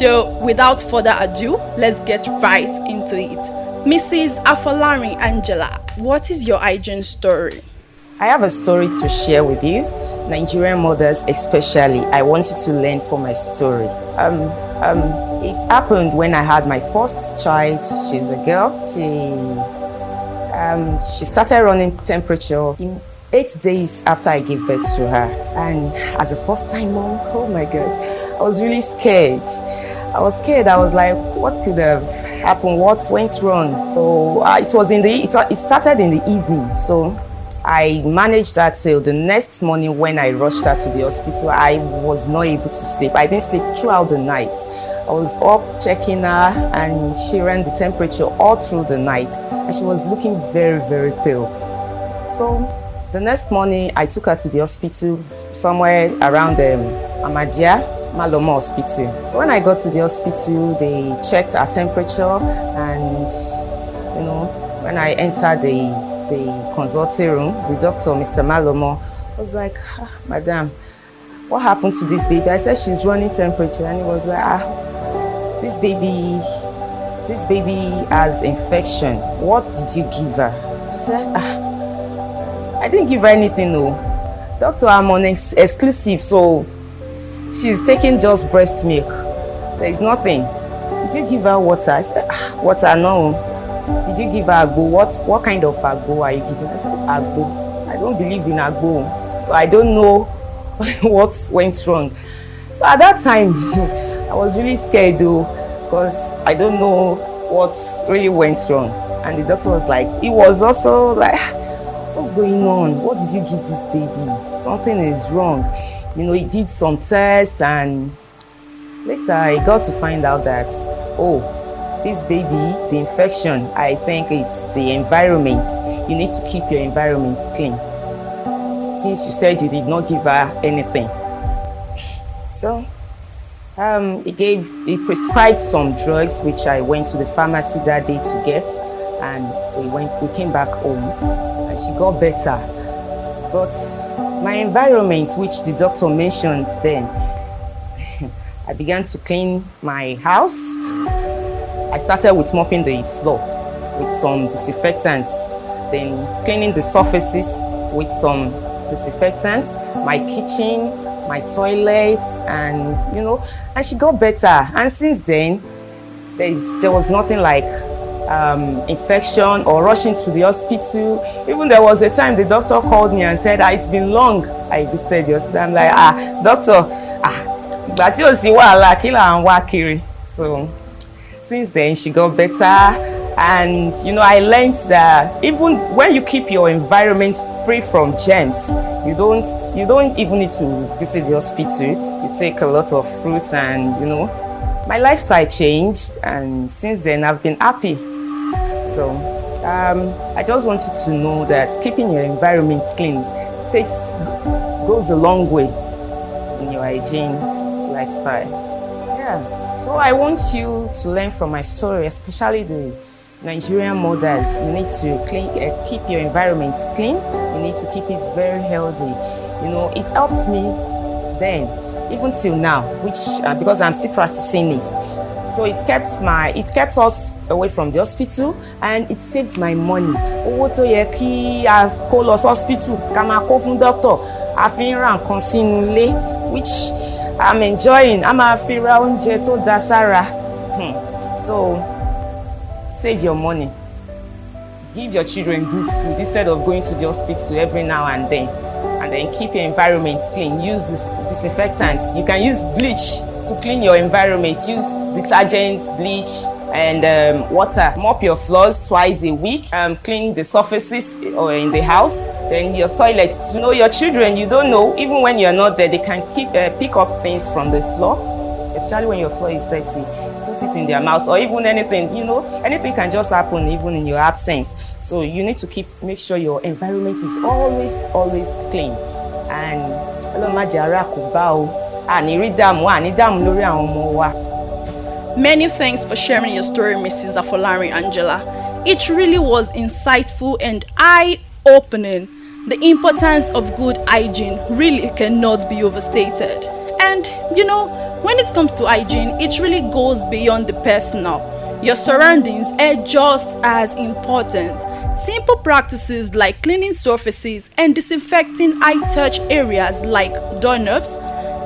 So, without further ado, let's get right into it. Mrs. Afolari Angela, what is your hygiene story? I have a story to share with you. Nigerian mothers especially, I wanted to learn from my story. Um, um, it happened when I had my first child. She's a girl. She, um, she started running temperature in eight days after I gave birth to her. And as a first time mom, oh my God, I was really scared. I was scared. I was like, what could have happened? What went wrong? So uh, it was in the, it, it started in the evening. So I managed that till the next morning when I rushed her to the hospital. I was not able to sleep. I didn't sleep throughout the night. I was up checking her and she ran the temperature all through the night and she was looking very, very pale. So the next morning, I took her to the hospital somewhere around um, Amadia, Maloma Hospital. So when I got to the hospital, they checked her temperature and, you know, when I entered the the consulting room, the doctor, Mr. Malomo, was like, ah, Madam, what happened to this baby? I said, She's running temperature. And he was like, Ah, this baby, this baby has infection. What did you give her? I said, Ah, I didn't give her anything, no. Doctor, I'm on ex exclusive, so she's taking just breast milk. There is nothing. Did you give her water? I said, ah, Water, no. Did you give her agbo? What what kind of agbo are you giving? I said, agbo. I don't believe in agbo. So I don't know what went wrong. So at that time, I was really scared though, because I don't know what really went wrong. And the doctor was like, he was also like, ah, what's going on? What did you give this baby? Something is wrong. You know, he did some tests and later I got to find out that, oh, this baby the infection i think it's the environment you need to keep your environment clean since you said you did not give her anything so um, he gave he prescribed some drugs which i went to the pharmacy that day to get and we went we came back home and she got better but my environment which the doctor mentioned then i began to clean my house I started with mopping the floor with some disinfectants, then cleaning the surfaces with some disinfectants, my kitchen, my toilets, and you know, and she got better. And since then, there, is, there was nothing like um, infection or rushing to the hospital. Even there was a time the doctor called me and said, ah, It's been long I visited the hospital. I'm like, Ah, doctor, ah, but you see, what I like, and what So, since then, she got better. And, you know, I learned that even when you keep your environment free from germs, you don't, you don't even need to visit the hospital. You take a lot of fruits and, you know, my lifestyle changed. And since then, I've been happy. So um, I just wanted to know that keeping your environment clean takes, goes a long way in your hygiene lifestyle. Yeah. So I want you to learn from my story, especially the Nigerian mothers. You need to clean, uh, keep your environment clean. You need to keep it very healthy. You know, it helped me then, even till now, which uh, because I'm still practicing it. So it kept my, it kept us away from the hospital and it saved my money. Owó tó yẹ kí a kó lọ sí hospital ká máa kó fún doctor, a ń sínú ilé, which i'm enjoying I'm a ra oúnjẹ dasara, hmm. so save your money give your children good food instead of going to the hospital every now and then and then keep your environment clean use the disinfectant you can use bleach to clean your environment use detergent bleach and um, water. Mop your floors twice a week. Um, clean the surfaces or in the house. Then your toilet. To know your children, you don't know. Even when you're not there, they can keep uh, pick up things from the floor. Especially when your floor is dirty, put it in their mouth or even anything. You know, anything can just happen even in your absence. So you need to keep make sure your environment is always always clean. And Ọlọ́run má jẹ́ ara kò bá o. Àní rí dààmú, lórí ọmọ Many thanks for sharing your story, Mrs. Afolari Angela. It really was insightful and eye opening. The importance of good hygiene really cannot be overstated. And you know, when it comes to hygiene, it really goes beyond the personal. Your surroundings are just as important. Simple practices like cleaning surfaces and disinfecting high touch areas like doorknobs,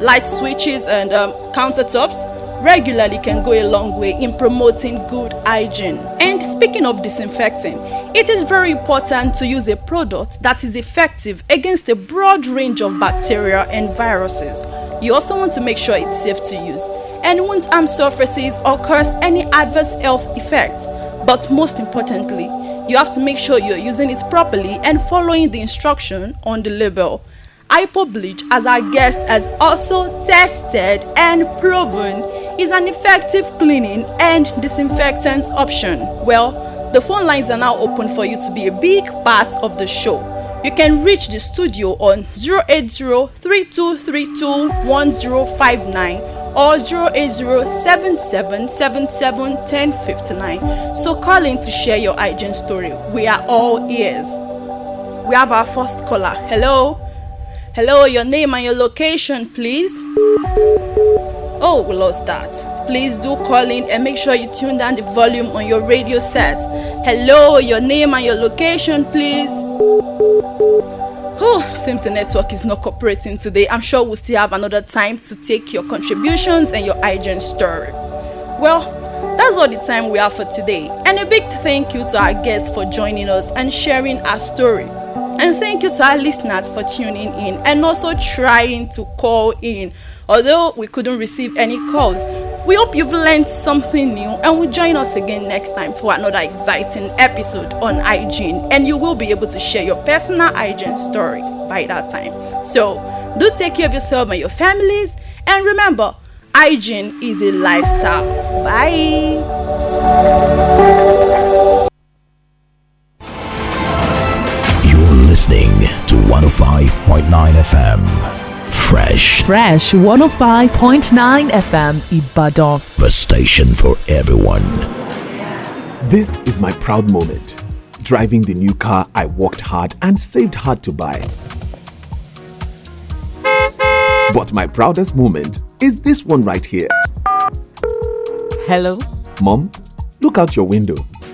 light switches, and um, countertops regularly can go a long way in promoting good hygiene. And speaking of disinfecting, it is very important to use a product that is effective against a broad range of bacteria and viruses. You also want to make sure it's safe to use and won't harm surfaces or cause any adverse health effect. But most importantly, you have to make sure you're using it properly and following the instruction on the label bleach, as our guest has also tested and proven is an effective cleaning and disinfectant option. Well, the phone lines are now open for you to be a big part of the show. You can reach the studio on 080 or 080 So call in to share your hygiene story. We are all ears. We have our first caller. Hello. Hello, your name and your location, please. Oh, we lost that. Please do call in and make sure you tune down the volume on your radio set. Hello, your name and your location, please. Oh, seems the network is not cooperating today. I'm sure we'll still have another time to take your contributions and your IGN story. Well, that's all the time we have for today. And a big thank you to our guests for joining us and sharing our story. And thank you to our listeners for tuning in and also trying to call in. Although we couldn't receive any calls, we hope you've learned something new and will join us again next time for another exciting episode on hygiene. And you will be able to share your personal hygiene story by that time. So, do take care of yourself and your families. And remember, hygiene is a lifestyle. Bye. listening to 105.9 FM. Fresh. Fresh 105.9 FM Ibadan. The station for everyone. This is my proud moment. Driving the new car I worked hard and saved hard to buy. But my proudest moment is this one right here. Hello? Mom, look out your window.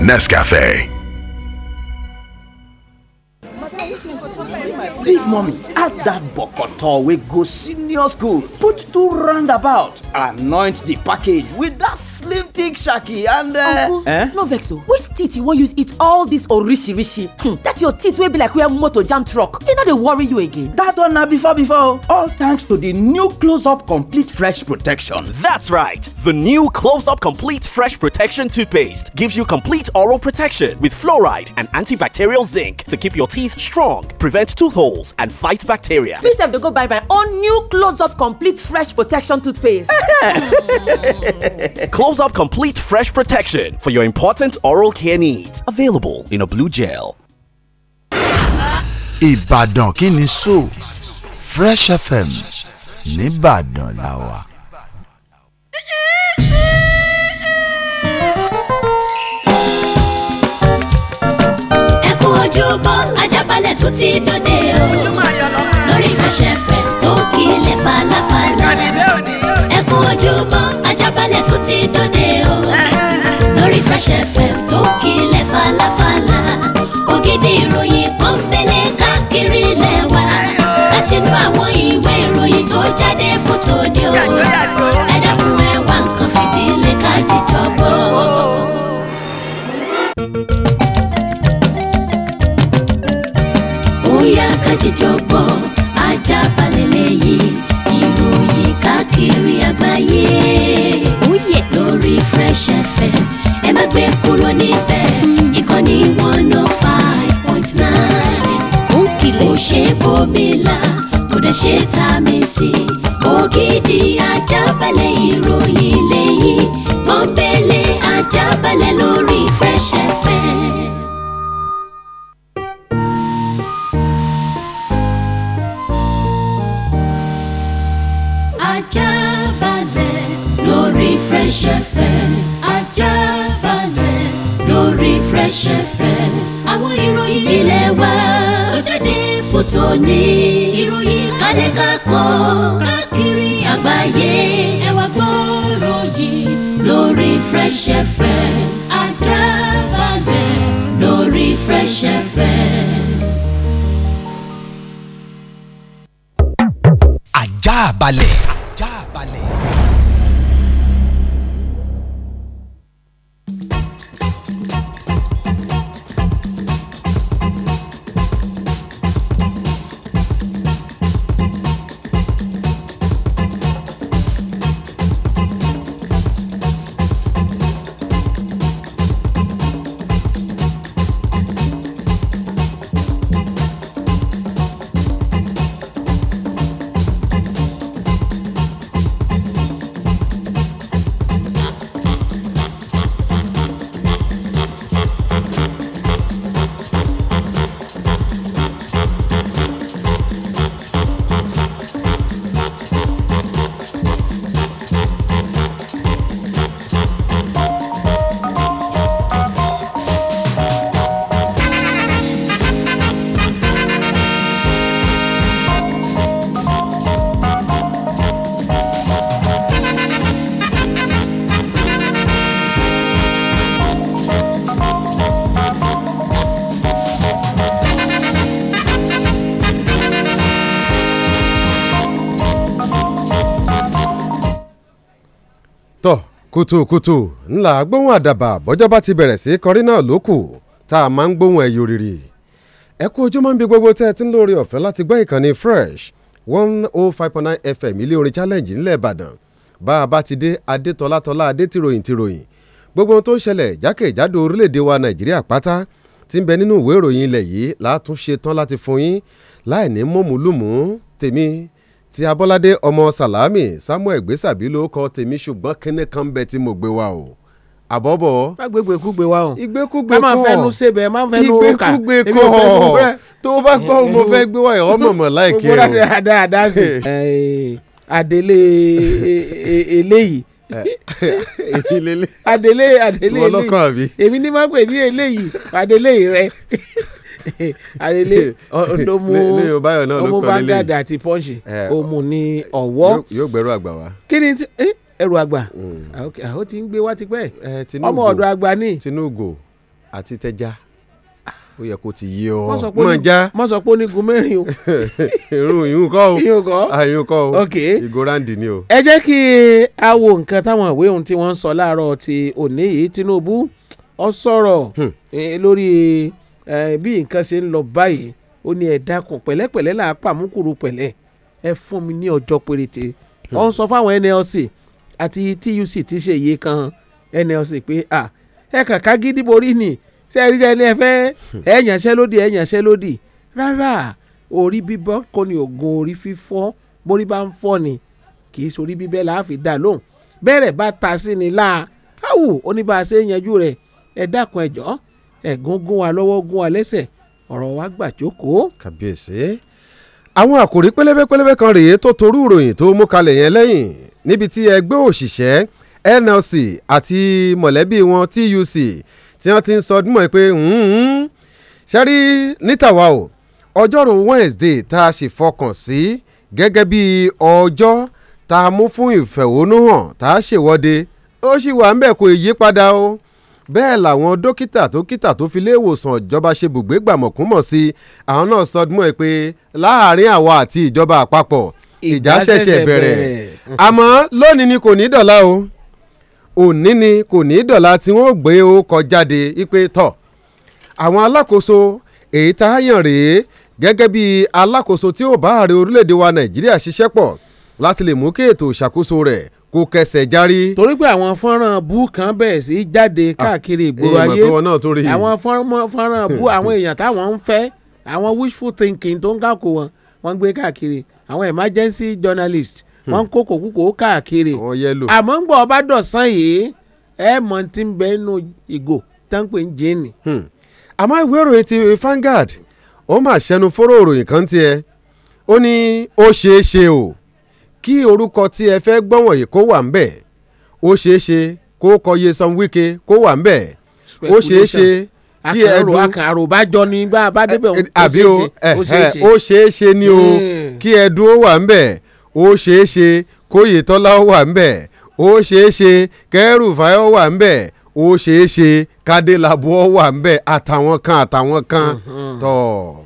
Nescafe. big mommy add that bokoto wey go senior school put two roundabout anoint the package with that slim thick shaki and uh, eh uncle no vex o which teeth you wan use eat all this orishirishi hmm That your teeth wey be like where motor jam truck e no dey worry you again That one na before before all thanks to the new close up complete fresh protection that's right the new close up complete fresh protection toothpaste gives you complete oral protection with fluoride and antibacterial zinc to keep your teeth strong prevent tooth hole holes and fight bacteria. Me have dey go buy my own new Close Up Complete Fresh Protection toothpaste. Close Up Complete Fresh Protection for your important oral care needs. Available in a blue gel. Ìbàdàn kí Fresh FM nìbàdàn làwà. ojúbọ ajábalẹ̀ tó ti dòde o lórí fẹsẹ̀fẹ̀ tó kílẹ̀ falafala ẹ kú ojúbọ ajábalẹ̀ tó ti dòde o lórí fẹsẹ̀fẹ̀ tó kílẹ̀ falafala ògidì ìròyìn kan fẹlẹ̀ káàkiri lẹ́wà láti inú àwọn ìwé ìròyìn tó jáde fótó ni o ẹ dákun ẹ nǹkan fìdílé ká jíjọ gbọ́. jíjọ̀gbọ̀n Ajaabale lẹ́yìn ìròyìn káàkiri àgbáyé. Ó oh yẹ lórí Fresh FM ẹ má gbé kúrò níbẹ̀ ìkànnì one oh five point nine. Ó kìlẹ̀ ó ṣe bòmílà kò dẹ̀ ṣe tá a mi sí. Ògidì Ajaabale ìròyìn lẹ́yìn pọ́ńpẹ́. Fresh FM àwọn ìròyìn ilé wa tó jáde fún tòní ìròyìn kálẹ̀ kakọ́ káàkiri àgbáyé ẹ wá gbọ́rọ̀ yìí lórí Fresh FM àdábàgbẹ̀ lórí Fresh FM. àjà balẹ̀. kùtùkùtù ńlá gbóhùn àdàbà bọ́jọ́ bá ti bẹ̀rẹ̀ sí kọrí náà lókù tá a máa ń gbóhùn ẹ̀yọ rírì ẹ kú ojúmọ́ ń bi gbogbo tẹ́ ẹ ti ń lórí ọ̀fẹ́ láti gbọ́ ìkànnì fresh one oh five point nine fm ilé orin challenge ńlẹ̀ ìbàdàn bá a bá ti dé adétọ́látọ́lá adétìròyìn tìròyìn gbogbo ohun tó ń ṣẹlẹ̀ jákèjádò orílẹ̀-èdè wa nàìjíríà pátá ti ń bẹ nínú ìwé ìròyìn ilẹ̀ yìí látúnṣe tán láti fún yín láì ní mọ̀mùlùmù tèmi ti abọ́ládé ọmọ sàlámì samuel gbèsàbí ló kọ tèmi ṣùgbọ́n kíní kan bẹ tí mo gbé wa o àbọ̀bọ̀. má gbégbé kú gbé wa o. ìgbékúgbé kọ́ má fẹnu sebẹ̀ má fẹnu òkà ìgbékúgbé kọ́ tó o bá gbọ́ mo fẹ́ gbé wa yìí ọmọ mọ̀ láìkí o. gbogbo dáadáa dáa sí. àdélé adele adele e, eléyìí èmi ni máa ń pè ní adele rẹ arele ló mú ọmọ Vanguard àti Punch òmù ní ọ̀wọ́ yóò gbẹ̀rù àgbà wá. kí ni ti ẹrù àgbà mm. ah, ah, ó ti ń gbé wá tipẹ́ ọmọ ọ̀dọ̀ àgbà ni. tinubu àti tẹja ó yẹ kó ti yé ọ mọ já mọ sọ pé ó ní gun mẹ́rin o. irun irun kọ o irun kọ ah, irun kọ o ok igorandi ni o. ẹ jẹ́ kí a wo nǹkan táwọn ìwé ohun tí wọ́n ń sọ láàárọ̀ ti òní yìí Tinubu ó sọ̀rọ̀ hmm. eh, lórí bí nǹkan ṣe ń lọ báyìí ó ní ẹ dákun pẹ̀lẹ́pẹ̀lẹ́ là á pàmùkùrù pẹ̀lẹ́ ẹ fún mi ní ọjọ́ péréte ó ń sọ fáwọn NLC àti TUC ti ṣe iye kan NLC pé ẹ kàkà gidi borí ni ṣe é rí jẹ́ ní ẹ fẹ́ hmm. ẹ yànṣẹ́ lódì ẹ yànṣẹ́ lódì rárá orí bíbọ́ kò ní oògùn orí fífọ́ borí bá ń fọ́ ni kì í sorí bíbẹ́ là á fi dà lóhùn bẹ́ẹ̀rẹ̀ bá ta sí ni láà áwù oníbàṣẹ́ yanjú rẹ̀ ẹ dákun ẹ̀jọ́ ẹ̀gún gún wa lọ́wọ́ gún wa lẹ́sẹ̀ ọ̀rọ̀ wa gbà jókòó. kàbíyèsí àwọn àkòrí pélébépélébé kan rèé tó torú ìròyìn tó mú kalẹ̀ yẹn lẹ́yìn níbi tí ẹgbẹ́ òṣìṣẹ́ NLC àti mọ̀lẹ́bí wọn TUC tí wọ́n ti ń sọ dúnmọ̀ pé ṣẹ́rí nítàwa o ọjọ́rùú Wednesday tá a sì fọkàn sí gẹ́gẹ́ bí ọjọ́ tá a mú fún ìfẹ̀hónúhàn tá a ṣèwọ́de ó sì wà ń bẹ̀ kó yí padà o. Si, bẹ́ẹ̀ làwọn dókítà tó kíta tó fi léèwòsàn ìjọba ṣe bùgbé gbàmọ̀kúmọ̀ sí àwọn náà sọ mọ́ ẹ pé láàárín àwa àti ìjọba àpapọ̀ ìjà ṣẹ̀ṣẹ̀ bẹ̀rẹ̀ àmọ́ lónìí ni kò ní dọ̀la o òní ni kò ní dọ̀la tí wọ́n gbé o kọ jáde ipe tọ̀ àwọn alákòóso èyí tá a yàn rèé gẹ́gẹ́ bí alákòóso tí ó bá ààrẹ orílẹ̀-èdè wa nàìjíríà ṣiṣẹ́ pọ̀ láti lè mú kí ètò ìṣàkóso rẹ̀ kò kẹsẹ̀ járí. torí pé àwọn fọ́nrán bú kan bẹ̀rẹ̀ sí jáde ah, káàkiri ìgboro ayé àwọn fọ́nrán bú àwọn èèyàn táwọn ń fẹ́ àwọn wishful thinking tó ń kàkó wọn wọ́n gbé káàkiri àwọn emergency journalist hmm. wọn ń kókò kúkò káàkiri àmọ́ ń gbọ́ ọba dọ̀sán yìí ẹ mọ̀ tí ń bẹ inú ìgò táǹpẹ̀ ń jẹ́ ni. Hmm. àmọ́ ìwé ìròyìn ti Vanguard ó mà ṣẹnu fọ́rọ̀ òròyìn kan tiẹ̀ ó ní ó ṣeé ṣe o. kí orúkọ tí ẹ fẹ́ gbọ́ wọ̀nyí kó wà ń bẹ̀ ó ṣeé ṣe kó kọ Nyesom Wike kó wà ń bẹ̀ ó ṣeé ṣe kí ẹ dún àkàrò bá jọ ni bá a bá débẹ̀ ó eh, ṣeé eh, eh, ṣe ó ṣeé ṣe ni o hmm. kí ẹ dún ó wà ń bẹ̀ ó ṣeé ṣe kóyè tọ́lá ó wà ń bẹ̀ ó ṣeé ṣe kẹ́rù fáyọ́ wà ń bẹ̀ ó ṣeé ṣe kádé làbọ̀ wà ń bẹ̀ àtàwọn kan àtàwọn kan hmm, hmm. tọ̀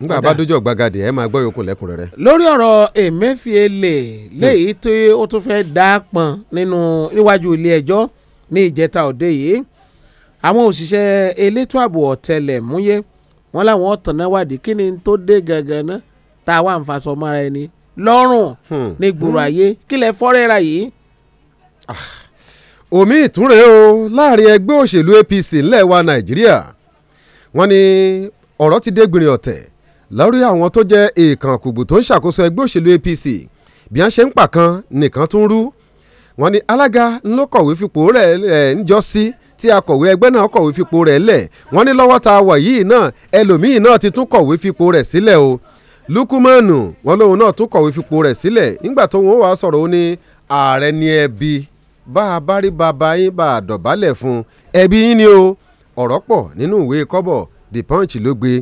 nígbà bá dójú ọ̀gbagadè ẹ máa gbọ́ yòókù lẹ́kùnrẹ́rẹ́. lórí ọ̀rọ̀ Emefiele léyìí hmm. tí ó tún fẹ́ dá pọn nínú níwájú ilé ẹjọ́ ní ìjẹta òde yìí àwọn òṣìṣẹ́ elétò ààbò ọ̀tẹlẹ̀múyẹ́ wọn làwọn ọ̀tànáwádìí kí ni tó dé gangan náà tá a wà ń faṣọ mọ́ra ẹni lọ́rùn hmm. ní gbòòrò ayé kí lẹ fọ́rẹ́ra yìí. Ah, omi ìtúnrẹ o láàrin ẹgbẹ́ òṣèlú APC ńlẹ̀ wa Nàìjíríà wọ́n ní ọ̀rọ̀ ti dé ọ̀tẹ̀ lórí àwọn tó jẹ́ èèkànkùgbù tó ń ṣàkóso ẹgbẹ́ òṣèlú APC bí wọ́n ṣe ń pàkan nìkan tún rú wọ́n ní alága ńlọ kọ̀wé fipò rẹ̀ ẹ̀ ń jọ sí tí akọ̀wé ẹgbẹ́ náà kọ̀wé fipò rẹ̀ lẹ̀ wọ́n ní lọ́wọ́ ta wọ̀ yìí náà ẹlòmíì náà ti tún kọ̀wé fipò rẹ̀ sílẹ̀ o lukumanu wọn lòun náà tún kọ̀wé fipò rẹ̀ sílẹ̀ nígbà tó wọn wàá sọ̀rọ̀ ó ní ààrẹ ni ẹbí bá a bá rí bàbá yín bá a dọ̀bálẹ̀ fún ẹbí yín ni o ọ̀rọ̀ pọ̀ nínú ìwé kọ́bọ̀ the punch ló gbé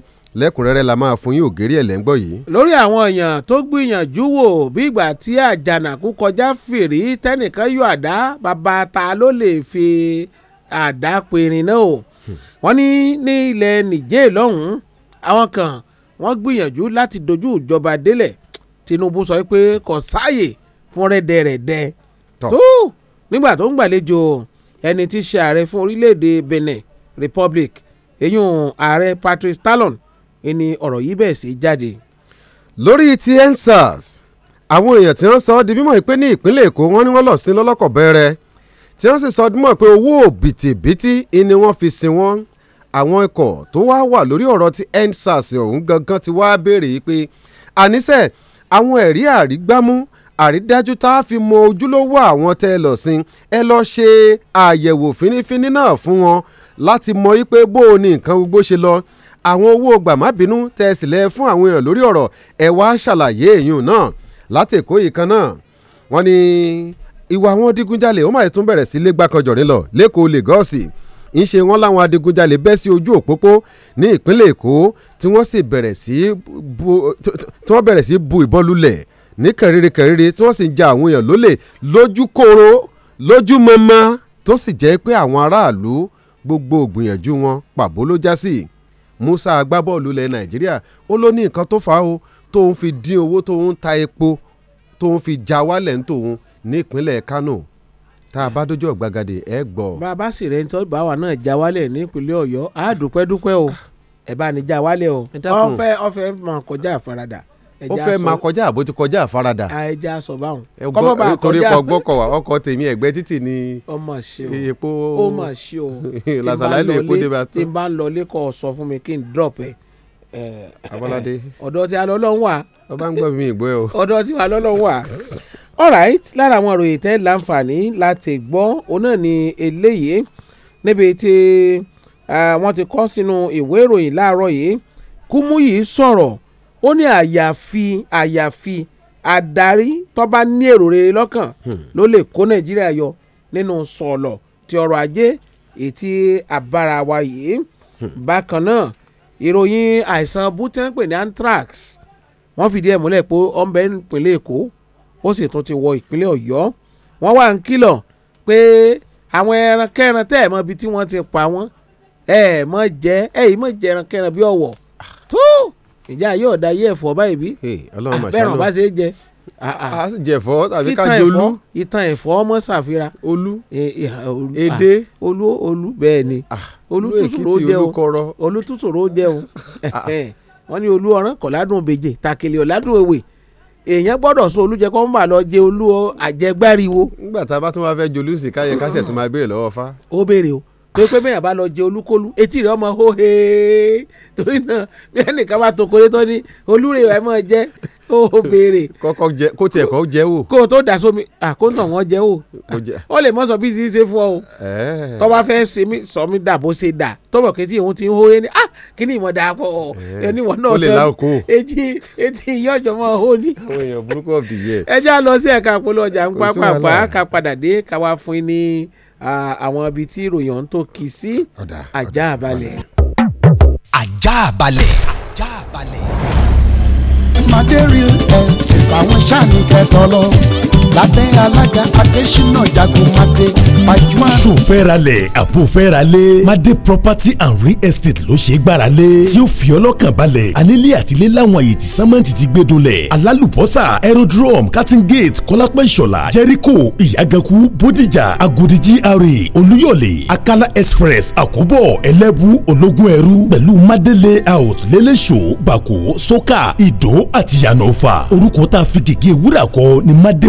lẹ́kùnrẹ́rẹ́ la máa fún yín ògèrè ẹ̀ lẹ́ngbọ́ yìí. lórí àwọn èèyàn tó gbìyànjú wò bí ìgbà tí àjànàkú kọjá fìrí tẹnìkan yọ àdá bàbá ta ló lè fi àdá pinrin náà o. Hmm. wọ́n ní ní ilẹ̀ nìjẹ́ lọ́hùn-ún àwọn kan wọ́n gbìyànjú láti dojú ìjọba délẹ̀ Tinubu sọ pé kò sáàyè fún rẹ́dẹ̀rẹ̀dẹ̀ tó nígbà tó ń gbàlejò ẹni tí ṣe ààrẹ fún orílẹ̀-èdè Benin Republic èyún ààrẹ Patrice Talon ni ọ̀rọ̀ yìí bẹ̀ sí jáde. lórí ti endsars àwọn èèyàn tí wọ́n sọ ọ́ di mímọ̀ pé ní ìpínlẹ̀ èkó wọ́n ní wọ́n lọ sí lọ́lọ́kọ̀ bẹ̀rẹ̀ tí wọ́n sì sọ ọ́ di mímọ̀ pé owó bìtìbìtì ni wọ́n fi sin wọ́n àwọn ikọ̀ tó wá wà lórí ọ̀rọ̀ ti endsars ọ̀hún gangan ti wá béèrè yìí pé àníṣe àwọn ẹ̀rí àrígbámú àrídájú tá a fi mọ ojúlówó àwọn tẹ́ lọ sí ẹ lọ ṣe àyẹ̀wò fínífíní náà fún wọn láti mọ wípé bó o ní nǹkan gbogbo ṣe lọ àwọn owó gbàmábínú tẹ́ ẹ sì lẹ́ fún àwọn èèyàn lórí ọ̀rọ̀ ẹ wá ṣàlàyé èèyàn náà láti èkó yìí kan náà wọ́n ní ìwà àwọn adigunjalè ó máa tún bẹ̀rẹ̀ sí lẹ́gbàkanjọ̀rin lọ lẹ́kọ̀ọ́ lẹ́gọ́ọ̀sì ń ṣe wọ́n láwọn adigunjalè bẹ́ sí ojú òpópó ní ìpínlẹ̀ èkó tí wọ́n sì bẹ̀rẹ̀ sí bu tí wọ́n bẹ̀rẹ̀ sí bu ìbọn lulẹ̀ ní kẹrìírí kẹrìírí tí wọ́n sì ń ja àwọn èèyàn lólè lójúkòrò lójúmọmọ tó sì jẹ́ pé àwọn aráàlú gbogbo ògbìyànjú wọn pàbó ló já sí Musa agbábọ́ọ̀lù ilẹ̀ Nàìjíríà ó ló ní nǹkan tó fà á o tóun fi dín owó tóun ta epo tóun fi já wálẹ̀ ń tòun nípínlẹ̀ Kánò tá a bá dójú ọ̀gbagadè ẹ gbọ́. bá a bá sì rẹ ní tọ́jú báwa náà já wálẹ̀ nípínlẹ̀ Ọ̀yọ́ á dúpẹ́ dúpẹ́ o ẹ̀ bá ní já wálẹ̀ o ọ̀fẹ́ ọ̀fẹ́ máa kọjá àfaradà ó fẹ́ máa kọjá àbó ti kọjá àfaradà. ẹja sọ báwọn kọ́mọ́ bá kọjá torí kọ gbọ́kọ̀ wá ọkọ̀ tèmi ẹ̀gbẹ́ títì ni epo ó mà ṣe o làṣàlàyé lè epo débà tó. tí n bá ń lọlé kọ sọ fún mi kí n drop ẹ. abalade ọ̀dọ̀ tí a lọ lọ́hún wà. ọba ń gbọ́ mi ìgbọ́ ẹ o. ọ̀dọ̀ tí a lọ lọ́hún wà. alright lára àwọn òròyìn tẹ́ láǹfààní láti gbọ́ òun náà ni eléyìí níbi tí wọ́n ti kọ sínú ìwé ìròyìn láàárọ̀ yìí Kúmúyì sọ̀rọ̀ ó ní àyàfi àyàfi adarí tó bá ní èrò rere lọ́kàn hmm. ló lè kó nàìjíríà yọ nínú sọ̀lọ̀ ti ọrọ̀ ajé ètí àbára wa yìí hmm. bákan náà ìròyìn àìsàn bútẹ́ ń pè ní anthrax wọ́n fìdí ẹ̀ múlẹ̀ pé ọ̀nbẹ ìpínlẹ̀ èkó ó sì tún ti wọ ìpínlẹ̀ ọ̀yọ́ wọ́n wà ń kìlọ̀ pé àwọn ẹran kẹran tẹ́ ẹ̀ mọ ibi tí wọ́n ti pa wọ́n ẹ̀ mọ jẹ́ ẹ̀ yìí mọ jẹ́ ẹran kẹran bí ọ̀wọ̀ ah. tó ìjà yóò da iye ẹ̀fọ́ báyìí bí ah, bẹ́ẹ̀rùn bá ṣe é jẹ. Ah, ah. a sì jẹ ẹ̀fọ́ tàbí ká jẹ olú. ìtàn ẹ̀fọ́ ọmọ ṣàfihàn. olú èdè e, e, olú olú bẹ́ẹ̀ ni olú tútùrò jẹ́ o olú tútùrò jẹ́ o wọ́n ní olú ọ̀rán kọ̀ládùn bèjè tàkìlì ọ̀ládùn ewé èèyàn gbọ́dọ̀ sọ olújẹ kó ń bà lọ jẹ olú àjẹgbáriwo. nígbà tá a bá tún wá fẹ́ jolú sí káyẹ kásẹ̀ tó máa béèrè lọ́wọ́ fa. ó béèrè o torí pé bẹ́ẹ̀ bá lọ jẹ olúkólú etí rẹ̀ ọmọ hóhe torí náà bí ẹnìkan bá toko yé tó ní olúre ìwà ẹ̀ mọ̀ jẹ́ ó béèrè. kọ́kọ́ jẹ kó tiẹ̀ kọ́ jẹ́ wò. kó o tó dà sómi àkóńtàn wọn jẹ́ wò. ó lè mọ sọ bí ṣe fún ọ o. tó bá fẹ́ sọ mi dà bó ṣe dà tọ́bọ̀ kẹ́tì òun ti ń hóye ní ah kí ni ìmọ̀ dà pọ̀ ọ ẹni wọ́n náà sọ etí etí ìyá ọ̀jọ̀ mọ́ ọ ní. èèyàn burúkú ọ̀bì yẹ. ẹ já lọ sí ẹ̀ka polówó ọjà ń pápá àpá ká padà dé ká fún yín àwọn ibi tí ìròyìn ọ̀hún tó kì í sí ajá balẹ̀. ajá balẹ̀. ajá balẹ̀. madé real estate àwọn sáà ní kẹtọ lọ lábẹ́ alága adésínà jagun máde pajúmọ́. sòfẹ́ralẹ̀ àbúfẹ́ralẹ̀ máde property and real estate ló ṣe é gbára lé tí ó fi ọlọ́kàn balẹ̀ anílé àtìlé láwọn àyè tí sẹ́mẹ́ǹtì ti gbé dolẹ̀ alálùbọ́sà aerodrome cutting gate kọ́lápẹ́ ìṣọ̀lá jẹ́ríkò ìyàgànkù bódìjà agodi gra olúyọ̀lé akala express àkóbọ̀ ẹlẹ́bù ológun ẹrú pẹ̀lú máde layout lẹ́lẹ́ṣọ́ bàkó sọ́kà ìdó àti yànnọ́fà orúkọ tá a fi gègé ni máde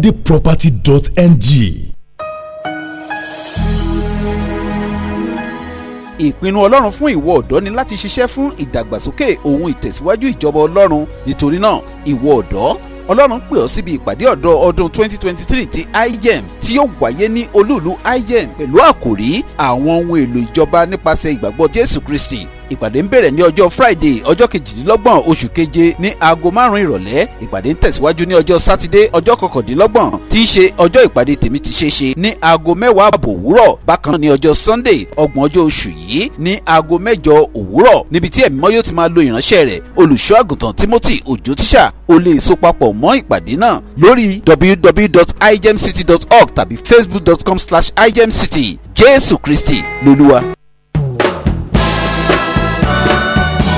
adeproperty.ng. ìpinnu ọlọ́run fún ìwọ ọ̀dọ́ ni láti ṣiṣẹ́ fún ìdàgbàsókè ohun ìtẹ̀síwájú ìjọba ọlọ́run nítorí náà ìwọ ọ̀dọ́ ọlọ́run pè ọ́ síbi ìpàdé ọ̀dọ́ ọdún 2023 ti igem tí yóò wáyé ní olúùlú igem pẹ̀lú àkòrí àwọn ohun èlò ìjọba nípasẹ̀ ìgbàgbọ́ jésù kristi ìpàdé ń bẹ̀rẹ̀ ní ọjọ́ friday ọjọ́ kejìdínlọ́gbọ̀n oṣù keje ní aago márùn-ún ìrọ̀lẹ́ ìpàdé ń tẹ̀síwájú ní ọjọ́ sátidé ọjọ́ kọkàndínlọ́gbọ̀n tí í ṣe ọjọ́ ìpàdé tèmi ti ṣe ṣe ní aago mẹ́wàá àbọ̀ òwúrọ̀ bákan ní ọjọ́ sunday ọgbọ̀n ọjọ́ oṣù yìí ní aago mẹ́jọ òwúrọ̀ níbi tí ẹ̀mí mọ́ yóò ti máa lo ìránṣẹ́ rẹ̀ olùṣọ́ àgùntàn timothy òjò tíṣà o lè so papọ̀ mọ́ ìpàdé náà lórí www.igemcity.org tàbí facebook.com/igemcity jésù kristi lolúwa.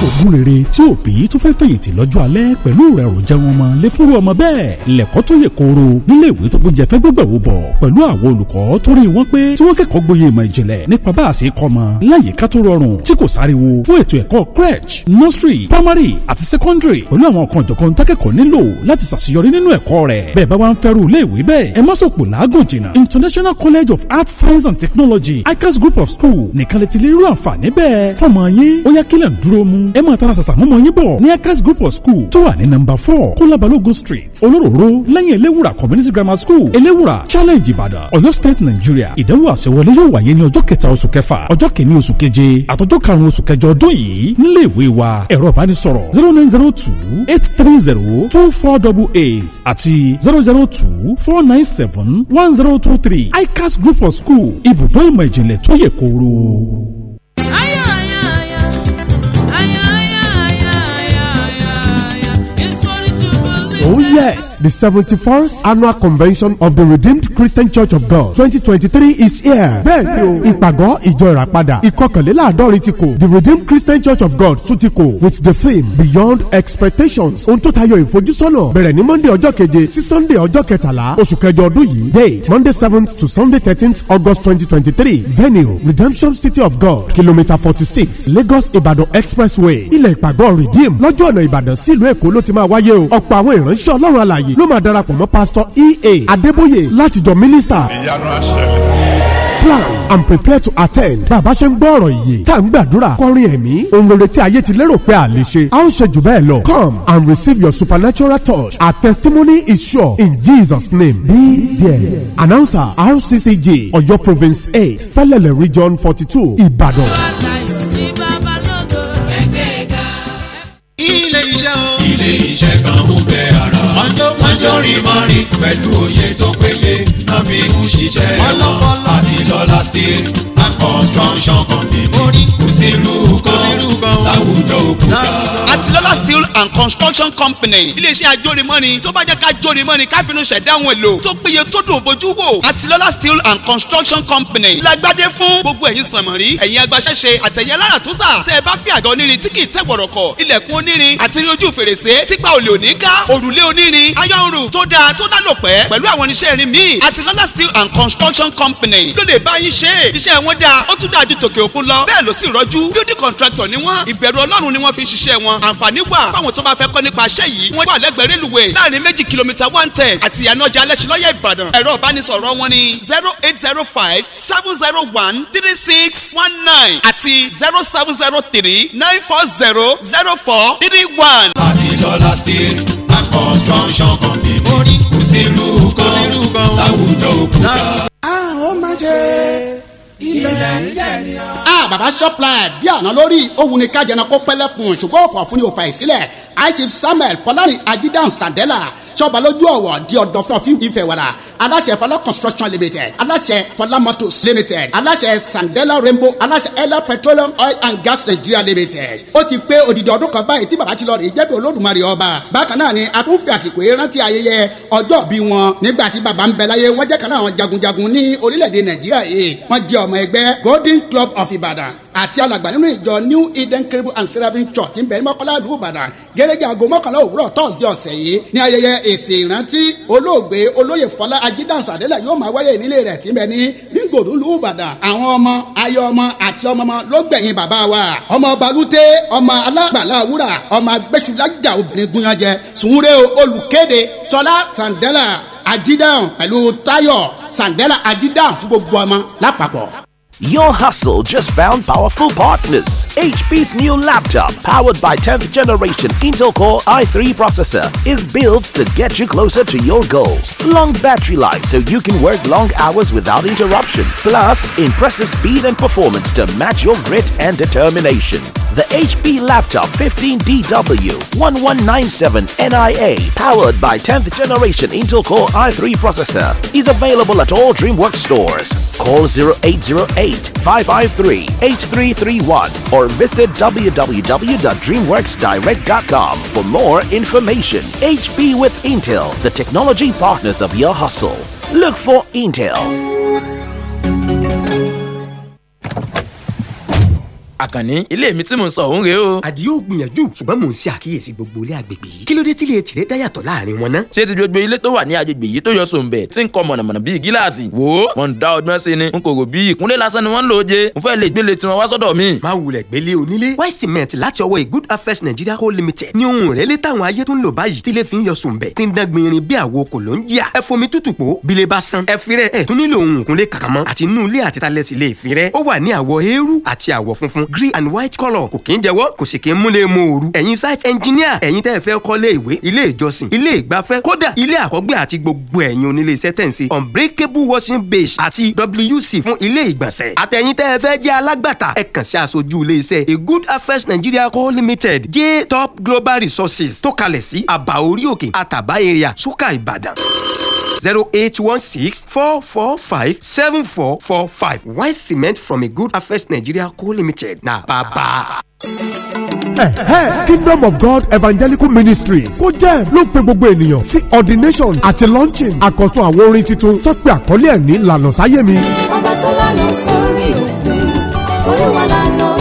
ògúnrere tí òbí tó fẹ́ fẹ̀yìntì lọ́jọ́ alẹ́ pẹ̀lú rẹ̀ ròjà wọn mọ lé fúnrú ọmọ bẹ́ẹ̀ lẹ́kọ́ tó yẹ kóró nílé ìwé tó gbóúnjẹ fẹ́ gbẹ̀gbẹ̀wò bọ̀ pẹ̀lú àwọn olùkọ́ tó rí wọn pé tí wọ́n kẹ́kọ̀ọ́ gboyè ìmọ̀ ìjìnlẹ̀ nípa bá a ṣe kọ́ mọ láyìíká tó rọrùn tí kò sáriwo fún ètò ẹ̀kọ́ crèche nursery primary àti secondary pẹ̀lú àwọn kan jọ̀kan tákẹ́kọ̀ọ́ nílò láti ṣàṣeyọrí nínú ẹ̀kọ́ rẹ̀ bẹ́ẹ̀ bá wa ń fẹ́rù ilé ìwé bẹ́ẹ̀ ẹ má sòpò làágùn jìnnà international college of art, science and technology icas group of school nìkan lè ti lè rú àǹfààní bẹ́ẹ̀ fọmọ yín ó yá kílẹ̀ ń dúró mú ẹ máa tara sàṣàmúmọ́ yín bọ̀ ní acres group of school tó wà ní number four kólabalogo street olóròró lẹ́yìn eléwùrà community grammar school eléwùrà challenge ìbàdàn ọ̀yọ́ state nigeria ìdánwò àṣewọlé yóò wáyé ní ọjọ́ kẹta oṣù kẹfà ọjọ́ kẹni oṣù keje àtọjọ́ karùn-ún oṣù kẹjọ ọdún yìí nílé ìwé wa ẹ̀rọ ìbánisọ̀rọ̀ zero nine zero two eight three zero two four double eight àti zero zero two four nine seven one zero two three icas group of school ibùdó ìmọ̀ ìjìnlẹ̀ tó yẹ kóró. years. The 71st annual convention of the Redeemed Christian Church of God 2023 is here. bẹ́ẹ̀ni o ìpàgọ́ ìjọ ìràpadà ìkọkànléláàádọ́rin ti kò the Redeemed Christian Church of God tún ti kò with the theme beyond expectations ohun tó tayọ ìfojúsọ́nà bẹ̀rẹ̀ ní Monday ọjọ́ keje sí Sunday ọjọ́ kẹtàlá oṣù kẹjọ ọdún yìí date Monday seventh to Sunday thirteenth August twenty twenty three venue Redemption City of God kilometre forty six Lagos Ibadan Expressway ilẹ̀ ìpàgọ́ Redeemed lọ́jọ́ ọ̀nà Ìbàdàn sílùú Èkó ló ti máa wáyé o ọ̀pọ̀ àwọn ìránṣẹ́ ìránṣẹ́ ọlọ́run àlàyé ló máa darapọ̀ mọ́ pásítọ̀ ea adébóyè láti jọ mínísítà. ìyanu àṣẹlẹ̀ plan and prepare to attend. bàbá ṣe ń gbọ́ ọ̀rọ̀ yìí tá à ń gbàdúrà kọrin ẹ̀mí ohun rere tí ayé ti lérò pé a lè ṣe a ó ṣe jù bẹ́ẹ̀ lọ. come and receive your supernatural touch our testimony is sure in Jesus name be there. announcer RCCG Ọ̀yọ́ province eight Fẹ́lẹ́lẹ̀ region forty two Ìbàdàn. ilé iṣẹ́ kan ń bẹ mọ́jọ́ mọ́jọ́ rìn mọ́rin pẹ̀lú òye tó péye náà fi ń ṣiṣẹ́ wọn àti lọ́la steel. Yorùbá construction steel and construction company iléeṣẹ́ ajórimọ́ni tó bá jẹ́ ká jórimọ́ni ká finú ṣẹ̀dá ohun èlò tó péye tó dùn bójú wò Àtilọ́lá steel and construction company lágbádé fún gbogbo ẹ̀yin sànmọ́rí ẹ̀yin agbaṣẹ́ṣe àtẹ̀yẹ lára tó tà tẹ́ ẹ bá fi àga onírin tí kì í tẹ̀ wọ̀rọ̀kọ̀ ilẹ̀kùn onírin àti ojú fèrèsé típa olè òní ká òrùlé onírin ayọ̀rù tó dáa tó lálòpẹ́ pẹ̀lú àwọn oníṣẹ́ irin míì Àtilọ́lá steel and construction company ló lè bá yín ṣe iṣẹ́ ó dáa ó tún dáa ju tòkè òkun lọ bẹ́ẹ̀ ló sì rọ́jú building contractor ni wọ́n ìbẹ̀rù ọlọ́run ni wọ́n fi ṣiṣẹ́ wọn àǹfààní wà fáwọn tó bá fẹ́ kọ́ nípa iṣẹ́ yìí wọ́n wà lẹ́gbẹ̀ẹ́ rélùwé láàrin méjì kìlómítà one ten àti ìyànàjà alẹ́sìlọ́yẹ̀ ìbàdàn ẹ̀rọ ìbánisọ̀rọ̀ wọn ni zero eight zero five seven zero one three six one nine àti zero seven zero three nine four zero zero four three one. láti steel and construction company kò sí irú kan láwùjọ òkúta. àwọn ah, máa jẹ́ ilẹ̀ ilẹ̀ ni a. a ah, baba shopline bí àná lórí òun ni kájẹna kó pẹ́lẹ́ fún un ṣùgbọ́n òfò àfúnni òfà ìsílẹ̀ aishif samuel fọlárin ajidan sandela sọba lójú ọwọ di ọdọ fún ọfíì ìfẹwàrà aláṣẹ fọlá construction limited aláṣẹ fọlá motors limited aláṣẹ sandela rainbow aláṣẹ ella petroleum oil and gas nigeria limited ó ti pé odidi ọdún kan báyìí tí baba ti lọ rè jẹ́bi olódùmarè ọba bákan náà ni a tún fi àsìkò yìí rántí ayẹyẹ ọjọ́ bí wọn nígbà tí baba ń bẹ láyé wọ́n jẹ́ kan náà jagunjagun ní orílẹ̀-èdè nàìjíríà yìí wọ́n jẹ́ ọm ọmọ ẹgbẹ́ Golden Club of Ibadan àti alàgbà nínú ìjọ new eden kiribu and seraphim church ń bẹ ní mọ́kànlá ìlú ìbàdàn gẹ́gẹ́ aago mọ́kànlá òwúrọ̀ tọ́sídẹ̀ẹ́ ọ̀sẹ̀ yìí ní ayẹyẹ èsì ìrántí olóògbé olóyè fọlá ajídàsádélà yóò máa wáyé nílé rẹ̀ tí ń bẹ ní nígbòdú ìlú ìbàdàn àwọn ọmọ ayọ ọmọ àti ọmọ ọmọ ló gbẹ̀yìn bàbá wa ọmọ balùté ọmọ alágbàlá wúrà ọmọ agbésùlájà Your hustle just found powerful partners. HP's new laptop, powered by 10th generation Intel Core i3 processor, is built to get you closer to your goals. Long battery life so you can work long hours without interruption. Plus, impressive speed and performance to match your grit and determination the HP Laptop 15DW1197NIA, powered by 10th generation Intel Core i3 processor, is available at all DreamWorks stores. Call 0808-553-8331 or visit www.dreamworksdirect.com for more information. HP with Intel, the technology partners of your hustle. Look for Intel. àkànní ilé mi tí mò ń sọ òun rèé o. àdìo gbìyànjú ṣùgbọ́n mò ń ṣe àkíyèsí gbogbo ilé àgbègbè yìí kí ló dé tí ilé tìrẹ dá yàtọ̀ láàrin wọn náà. ṣé ti gbogbo ilé tó wà ní agbègbè yìí tó yọ sòǹbẹ tí ń kọ mọ̀nàmọ̀nà bíi gíláàsì wò wọn dá ọgbọ́n sí ni n kò rò bí ìkúnlẹ̀ lásán ni wọ́n ń lò ó jẹ n fẹ́ lè gbélé tiwọn wá sọ́dọ̀ mi. má wulẹ̀ gbélé onílé white cement láti ọwọ́ good affairs nigeria co limited ni ohun rẹ̀ lé táwọn ayé tó ń lò báyìí tí ilé fi ń yọ sùnbẹ̀ tí ń dán gbinrin bí àwo kò ló ń jìyà ẹ fomi tútù pò bílé bá san funfun green and white colour kò kí ń jẹwọ́ kò sì kí ń múlẹ̀ mọ òru ẹ̀yin site engineer ẹ̀yin tẹ́ ẹ fẹ́ kọ́lé ìwé ilé ìjọsìn ilé ìgbafẹ́ kódà ilé àkọ́gbé àti gbogbo ẹ̀yin onílé iṣẹ́ tẹ̀ unbreakable washing base àti WC fún ilé ìgbọ̀nsẹ̀ àtẹ̀yin tẹ́ ẹ fẹ́ jẹ́ alágbàtà ẹ kàn sí aṣojú ilé iṣẹ́ a good affairs Nigeria co limited j top global resources tó kalẹ̀ sí àbá orí òkè àtàbá area sókà zero eight one six four four five seven four four five white cement from a good affairs nigeria co limited na baba. hey eh, eh, Kingdom of God Evangelical Ministries kó jẹ́ ló pe gbogbo ènìyàn sí ordination àti launching àkọ́tún àwọn orin tuntun tó pe àkọlé ẹ̀ ní lànà sáyé mi. Bàbá tó lánàá sórí òkun, olúwa lánàá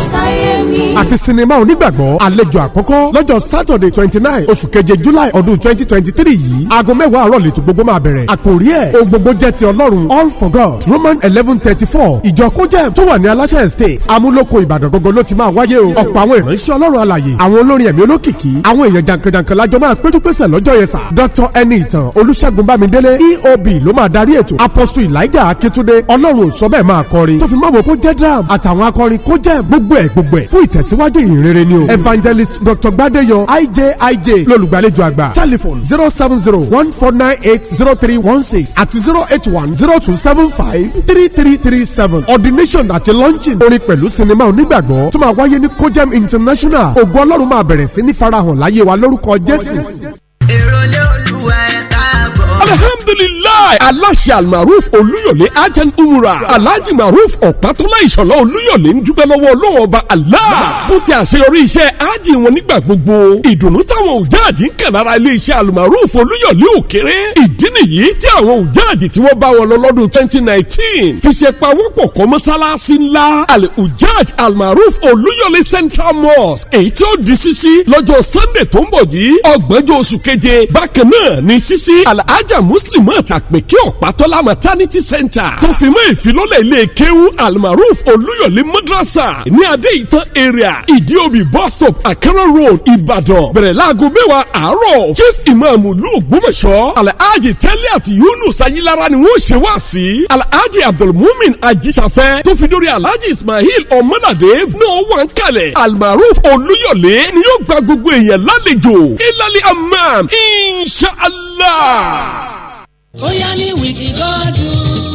àti sinimá onígbàgbọ́ àlejò àkọ́kọ́ lọ́jọ́ sátọ̀dẹ̀ twenty nine oṣù keje july ọdún twenty twenty three yìí aago mẹ́wàá àárọ̀ lètò gbogbo máa bẹ̀rẹ̀ àkòrí ẹ̀ ohun gbogbo jẹ́ ti ọlọ́run all for god roman eleven thirty four ìjọ kójẹ́ tó wà ní aláṣẹ estate amúlòkọ ìbàdàn gangan ló ti máa wáyé o ọ̀pọ̀ àwọn ìránṣẹ́ ọlọ́run alàyè àwọn olórin ẹ̀mí olókìkí àwọn èèyàn jàǹkànjàǹkàn lájọ máa péjúpésẹ̀ lọ́jọ́ yẹn sà dr ẹni ìtàn olùṣègùn bámidélé eob ló máa darí ètò apostle elijah akíntúndé ọlọ́run ò sọ bẹ́ẹ̀ máa kọrin tó fi máa wò kó jẹ́ dram àtàwọn akọrin kó ìtẹ̀síwájú ìrere ni o evangelist dr gbadeyan ijij lolùgbàlejò àgbà telephone zero seven zero one four nine eight zero three one six àti zero eight one zero two seven five three three three seven ordination àti launching orin pẹ̀lú sinimá onígbàgbọ́ tó máa wáyé ní kojem international ògo ọlọ́run máa bẹ̀rẹ̀ sí ní farahàn láyé wa lórúkọ jésù. èrò olúwa ẹ̀ káàbọ̀. alhamdulilayi july aláṣẹ almaruf olúyọ̀lé ajan umura alhaji maruf ọ̀pátọ́lá ìṣọ̀lá olúyọ̀lé ń dúpẹ́ lọ́wọ́ ọlọ́wọ́ ọba allah fún ti àṣeyọrí iṣẹ́ ájì wọn nígbà gbogbo ìdùnnú táwọn òjáàjì ń kàn lára iléeṣẹ́ almaruf olúyọ̀lé òkèrè ìdí nìyí tí àwọn òjáàjì tí wọ́n bá wọn lọ lọ́dún twenty nineteen fi ṣe pawọ́pọ̀ kọ́ mọ́sálásí ńlá al ujaj almaruf olúyọ̀lé central mosque èyí tí ó di ṣíṣí lọ́jọ́ sunday tó ń bọ̀ yìí ọgbọ̀njọ́ oṣù keje bákan náà ní ṣíṣí alhaja muslimat ak àpèké ọ̀pátọ́lá maternity center tó fi mọ́ ìfilọ́lẹ̀ ilé kéwú almaroof olúyọ̀lé madrasa ní adé ìtàn area ìdíòbí bus stop akẹ́rọ road ìbàdàn bẹ̀rẹ̀ láago mẹ́wàá àárọ̀ chief imam ìlú ògbómọ̀ṣọ́ alhaji tẹ́lẹ̀ àti yunus ayílára ni wọ́n ṣe wá sí alhaji abdulmumin ajíṣafẹ́ tó fi dórí alhaji ismail ọmọlade náà wà ń kalẹ̀ almaroof olúyọ̀lé ni yóò gba gbogbo èèyàn lálejò ilali amam inshallah ó yá ní wìtí gọ́dún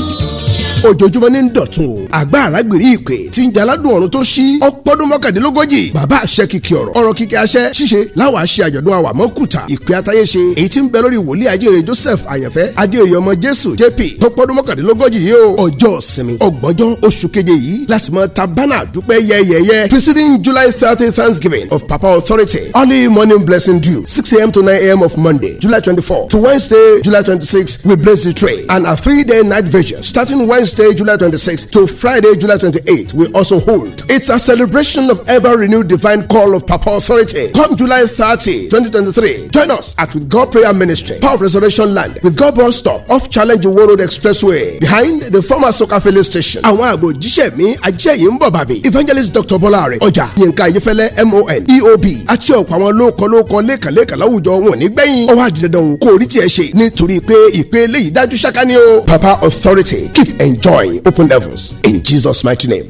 ojoojúmọ́ ní dọ̀tun o àgbà àràgbèrè ìpè tí ń jaládùn ọ̀run tó ṣí ọpọ́dún mọ́kàndínlógójì bàbá àṣẹ kìkì ọ̀rọ̀ ọ̀rọ̀ kìkì àṣẹ ṣíṣe láwọn àṣẹ àjọ̀dún àwàmọ́ kùtà ìpè àtayé ṣe èyí tí ń bẹ lórí wòlíì ajínrere Joseph àyànfẹ́ adéoyè ọmọ Jésù JP tọpọ́dún mọ́kàndínlógójì yìí o ọjọ́ sinmi ọgbọ̀njọ́ oṣù keje yìí láti mọ tabana dúpẹ́ preceding July thirty thanksgiving of Papa Authority early morning blessing due six a.m. to nine a.m. of Monday July twenty-four to Wednesday July twenty-six we bless the tray and a three-day night vigil starting Wednesday Wednesday, July 26th to Friday, July 28th, we also hold. It's a celebration of ever renewed divine call of Papa authority. Come July 30, 2023, join us at With God Prayer Ministry, Power of Resurrection Land, With God Bus Stop, off Challenge World Expressway, behind the former Soka Filling Station. Àwọn àgbò jíṣẹ́ mi ajẹ́yìn ń bọ̀ bàbí. Evangelist Dr. Bolari Oja. Yínká Yefele MON, EOB, àti ọ̀pọ̀ àwọn lóko lóko lẹ́kànlẹ́kàn láwùjọ wọn ní gbẹ̀yìn. Ó wá di dandan kó orí tiẹ̀ ṣe nítorí pé ìpele yìí dájú o. Papa authority keep enjoying enjoying open heavens in Jesus' mighty name.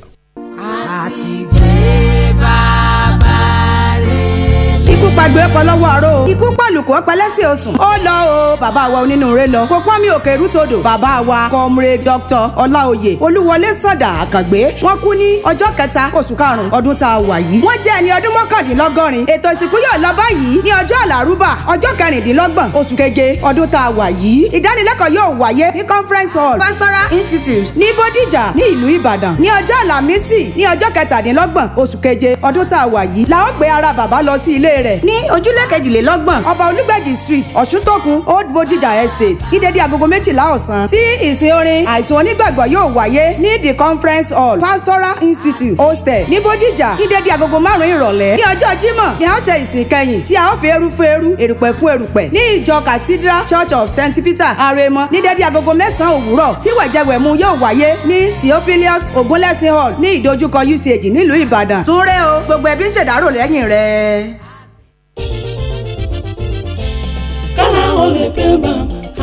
ikú pàgbé ọpọlọwọ ọ̀rọ̀ ikú pàgbé kò pẹlẹsì osùn ó lọ o bàbá wa onínúure lọ kò pọ́n mi òkè rútodò bàbá wa kọ́mre dr ọláòyè olúwọlé sàdà àkàgbé wọ́n kú ní ọjọ́ kẹta oṣù karùn-ún ọdún tá a wà yìí wọ́n jẹ́ ẹni ọdún mọ́kàndínlọ́gọ́rin ètò ìsìnkú yóò lọ báyìí ní ọjọ́ àlárúbà ọjọ́ kẹrìndínlọ́gbọ̀n oṣù keje ọdún tá a wà yìí ìdánilẹ́kọ̀ọ́ yóò wáyé ní conference hall pastoral institute ní bódìjà ní ìlú ìbàdàn ní ọjọ́ àlàmísì ní ọjọ́ kẹtàdínlọ́gbọ̀n oṣù keje ọdún tá ara bàbá lọ sí ilé rẹ̀ ní ojúlé olùgbàgì street ọ̀ṣuntòkun old bodija estate ní dédé agogo méjìlá ọ̀sán tí ìsìn orin àìsùn onígbàgbọ́ yóò wáyé ní the conference hall pastoral institute hostel ní bodija ní dédé agogo márùn-ún ìrọ̀lẹ́ ní ọjọ́ jímọ̀ ní àṣẹ ìsìn kẹyìn tí a ó fi eru fún eru erùpẹ̀ fún erùpẹ̀ ní ìjọ cathedral church of st peter aremo ní dédé agogo mẹ́sàn-án òwúrọ̀ tí wẹ̀jẹ̀wẹ̀mu yóò wáyé ní theophilus ogunlẹ́sìn hall ní ìdojúkọ uch nílùú ìbàdàn tún rẹ́ o gbogbo ẹbí ń ṣèdárò lẹ́yìn rẹ̀ kára ó lè pé mà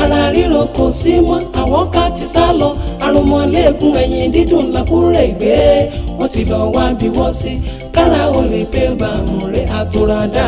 ara ríro kò sí mọ́ àwọn ká ti sá lọ àrùnmọ́ léegun ẹ̀yìn dídùn làkúrẹ́ ìgbé wọ́n ti lọ́ọ́ wá bí wọ́n sí kára ó lè pé mà múre àtúrà